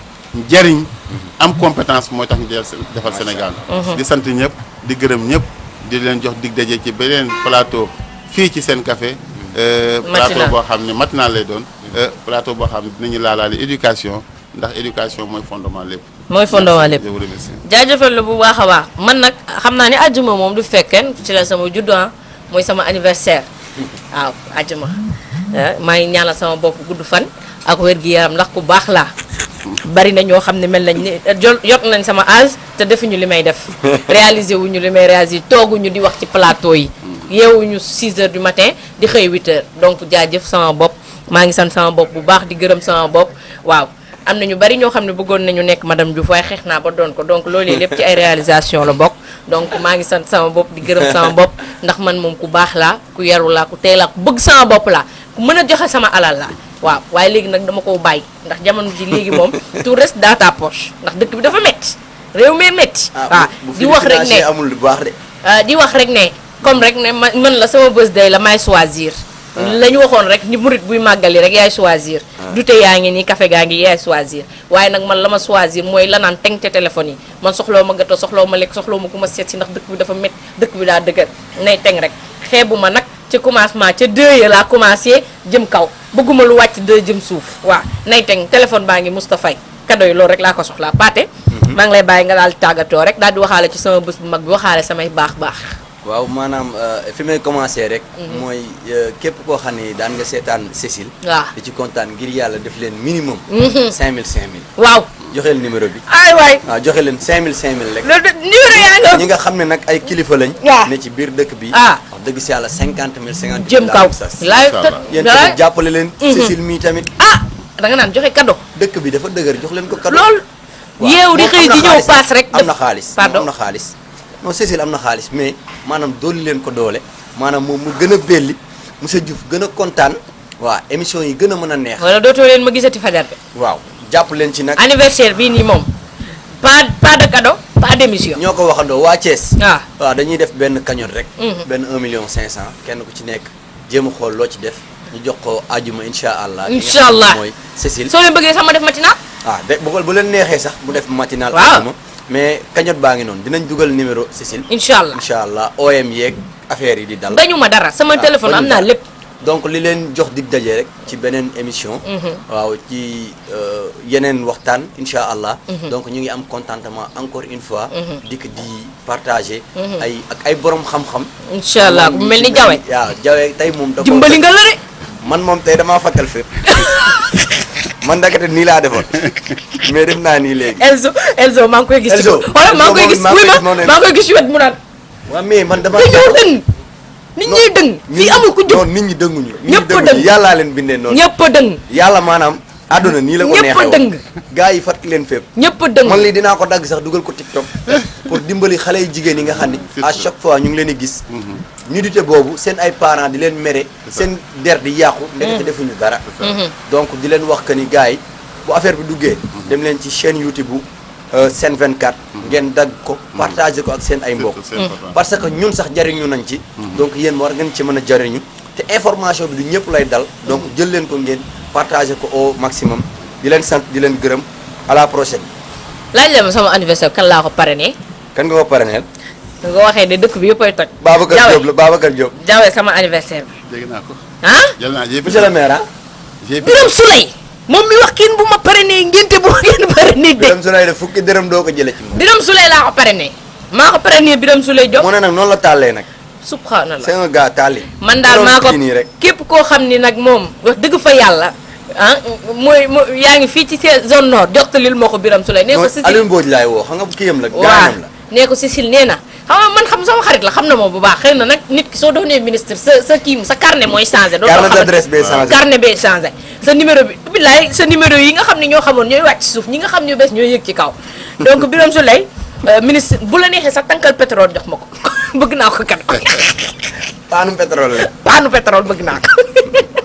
jariñ am compétence mooy tax ñu defal Sénégal di sant ñëpp di gërëm ñëpp di leen jox dig daje ci beneen plateau fii ci seen kafe café euh, plateau boo xam ne matinal lay doon euh, plateau boo xam ne dinañu laalaale éducation ndax éducation mooy fondement lépp mooy fondement lépp jaajëfal la bu baax a baax man nag xam naa ni àjjuma moom du fekkeen ci la sama juddu ah, mooy sama anniversaire waaw àjjuma euh, maa ngi ñaanal sama bopp gudd fan ak wér-gi-yaram ndax ku baax laa bari na ñoo xam ne mel nañ ni eh, yot nañ sama âge te defuñu li may def réalisé wuñu li may réalisé tooguñu di wax ci plateau yi mm. yeewuñu 6 heures du matin di xëy 8 heures donc jaajëf sama bopp maa ngi san sama bopp bu baax di gërëm sama bopp waaw am na ñu bari ñoo xam ne bëggoon nañu nekk madame Diouf waaye xeex naa ba doon ko donc loolu lépp ci ay réalisation la bokk donc maa ngi sant sama bopp di gërëm sama bopp ndax man moom ku baax laa ku yaru laa ku tey laa ku bëgg sama bopp laa ku mën a joxe sama alal la waaw waaye léegi nag dama koo bàyyi ndax jamono ji léegi moom tout reste dans ta poche ndax dëkk bi dafa métti réew mi métti. Ah, waaw di wax rek ne amul lu baax de. Euh, di wax rek ne comme rek ne man la sama bés day la may choisir. Ah. la ñu waxoon rek ñi murit buy màggali rek yaay choisir. dute yaa ngi nii café gaa ngi yaay choisir waaye nag man la ma choisir mooy la naan teng te téléphone yi man soxloo ma gâteau soxloo ma lekk soxloo ma ku ma seet si ndax dëkk bi dafa métti dëkk bi daa dëgër nay teng rek xeebu ma nag ci commencement ca deux ya laa commencé jëm kaw bëgguma lu wàcc deux jëm suuf waa nay teng téléphone baa ngi Moustapha kado yi loolu rek laa ko soxlaa Pathé mhm. maa ngi lay bàyyi nga daal tàggatoo rek daal di waxaale ci sama bés bu mag waxaale samay baax baax waaw maanaam euh, fi may commencé rek. Mhm. mooy euh, képp koo xam ne daan nga seetaan Cécile. waa di ci kontaan ngir yàlla def leen minimum. Mhm. cinq 5000. waaw joxe leen numéro bi. ay waay waaw joxe leen cinq 5000 cinq loolu numéro yaa ngi ñi nga xam ne nag ay kilifa lañ. ne ci biir dëkk bi. Ah. wax dëgg si yàlla 50 000 50. jëm kaw laay tët jàppale leen. Mhm. Cécile mii tamit. ah da nga naan joxe cadeau. dëkk bi dafa dëgër jox leen ko cadeau. lool yeew di xëy di ñëw paas rek. am na xaalis pardon am na xaalis. non Cécile am na xaalis mais maanaam dooli leen ko doole maanaam moom mu gën a belli monsieur Diouf gën a kontaan waaw émission yi gën a mën a neex. wala dootoo leen ma gisati fajar bi. waaw jàpp leen ci nag. anniversaire bii nii moom pas pas de cadeau pas d'émission. ñoo ko waxandoo waa Thiès. waaw ah. waaw dañuy def benn cagnotte rek. Mhm. benn 1 million 500 kenn ku ci nekk jéem a xool loo ci def. ñu jox ko ajuma incha allah. incha allah mooy Cécile. soo leen bëggee sax ma ah, de bu leen neexee mais cagnotte baa ngi noonu dinañ dugal numéro Cécile. incha allah incha allah affaire yi di dal. bañu ma dara sama ah, téléphone am naa lépp. donc li leen jox di daje rek ci beneen émission. Mhm. waaw ci euh, yeneen waxtaan incha allah. Mhm. donc ñu ngi am contentement encore une fois. Mhm. dikk di partager. ay ak borom xam-xam. incha bu mel ni Jawe. waaw tey moom. da dimbali nga la de. man moom tey damaa fàttal fépp. man ndakate nii laa defoon mais def naa nii léegi. Elzo Elzo maa ngi koy gis. Elzo wala maa ngi koy gis wuy ma maa ngi koy gis ci wet mu naan. waaw mais man dama. dañoo dëng nit ñi dëng. fii ku jóg non nit ñi dënguñu. ñëpp dëng nit yàllaa leen bindee noonu. ñëpp dëng. yàlla maanaam. aduna ni la ko neexé ñepp deung gaay fat len fep ñepp deung man li dina ko dag sax dugal ko tiktok pour dimbali xalé jigen yi nga xamni à chaque fois ñu ngi leen gis mhm. nudité bobu sen ay parents di len méré sen der di yaqku mhm. ndek defuñu dara mhm. donc di len wax que ni gaay bu affaire bi duggé dem len ci chaîne youtube euh, sen 24 ngeen dag ko partager ko ak sen ay mbokk parce que ñun sax jariñu nañ ci donc yeen mo war ngeen ci mëna jariñu te information bi du ñepp lay dal donc jël leen ko ngeen partager ko au maximum di len sante di len à la prochaine la sama anniversaire kan la ko parrainé kan nga ko parrainé nga waxé né dëkk bi yëppay toj Babacar Diop la jawé sama anniversaire dégg ko han ah? jël jëf monsieur le maire han ah? mom mi wax buma parrainé ngenté bu ngeen parrainé dé biram souley fukki dërëm do ko jëlé ci biram souley la ko parrainé ma parrainé biram souley Diop mo né nak non la talé nak subhanallah c'est un gars talé man dal mako kep ko xamni nak mom wax deug fa yalla ah mooy yaa ngi fii ci zone nord jottalil moo ko Birame Souleye. nee ko Cécile Alioune Mbodj laay woo xam nga la. waaw nee ko Cécile nee na. xam nga man xam sama xarit la xam na moom bu baax xëy na nag nit ki soo nee ministre sa sa kii sa carnet mooy changé. doo carnet d'adresse bee changé carnet bee changé. sa numéro bi billaay sa numéro yi nga xam ne ñoo xamoon ñooy wàcc suuf ñi nga xam ne bés ñooy yëg ci kaw. donc Birame Souleye euh, ministre bu la neexee sax tànkal pétrole jox ma ko bëgg naa ko kat. paanu pétrole la paanu pétrole bëgg naa ko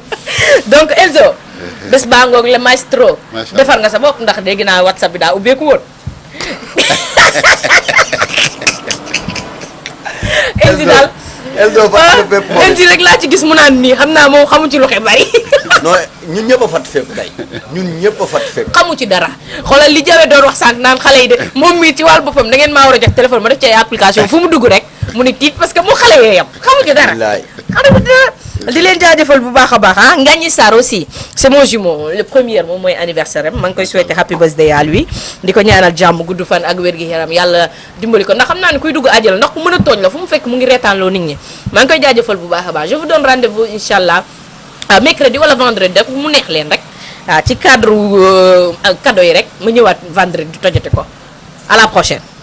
donc Elzo bés baa ngoog le maestro. defar nga sa bopp ndax dégg naa whatsapp bi daa ubbeeku woon. indi daal Elzo indi ah, rek laa ci gis mu naan nii xam naa moom xamu ci lu xe ñun ñëpp a fat fépp day ñun ñëpp a fat ci dara xoolal li jawe doon wax sànq naan xale yi de moom mii ci wàllu boppam da ngeen maa war a jox téléphone ma def ci application fu mu dugg rek mu ni tiit parce moo mu xale yee yam xamu ci dara. di leen jaajëfal bu baax a baax ah Ngagny Sarr aussi c'est mon jumeau le premier moom anniversary. anniversaire am koy happy birthday à lui di ko ñaanal jàmm gudd fan ak wér gi yaram yàlla dimbali ko ndax xam naa ne kuy dugg àjjal ndax ku mën a tooñ la fu mu fekk mu ngi reetaanloo nit ñi koy bu baax a je vous donne rendez-vous incha allah mercredi wala vendredi rek mu neex leen rek waaw ah, ci cadre euh, cadeau yi rek ma ñëwaat vendredi ko à la prochaine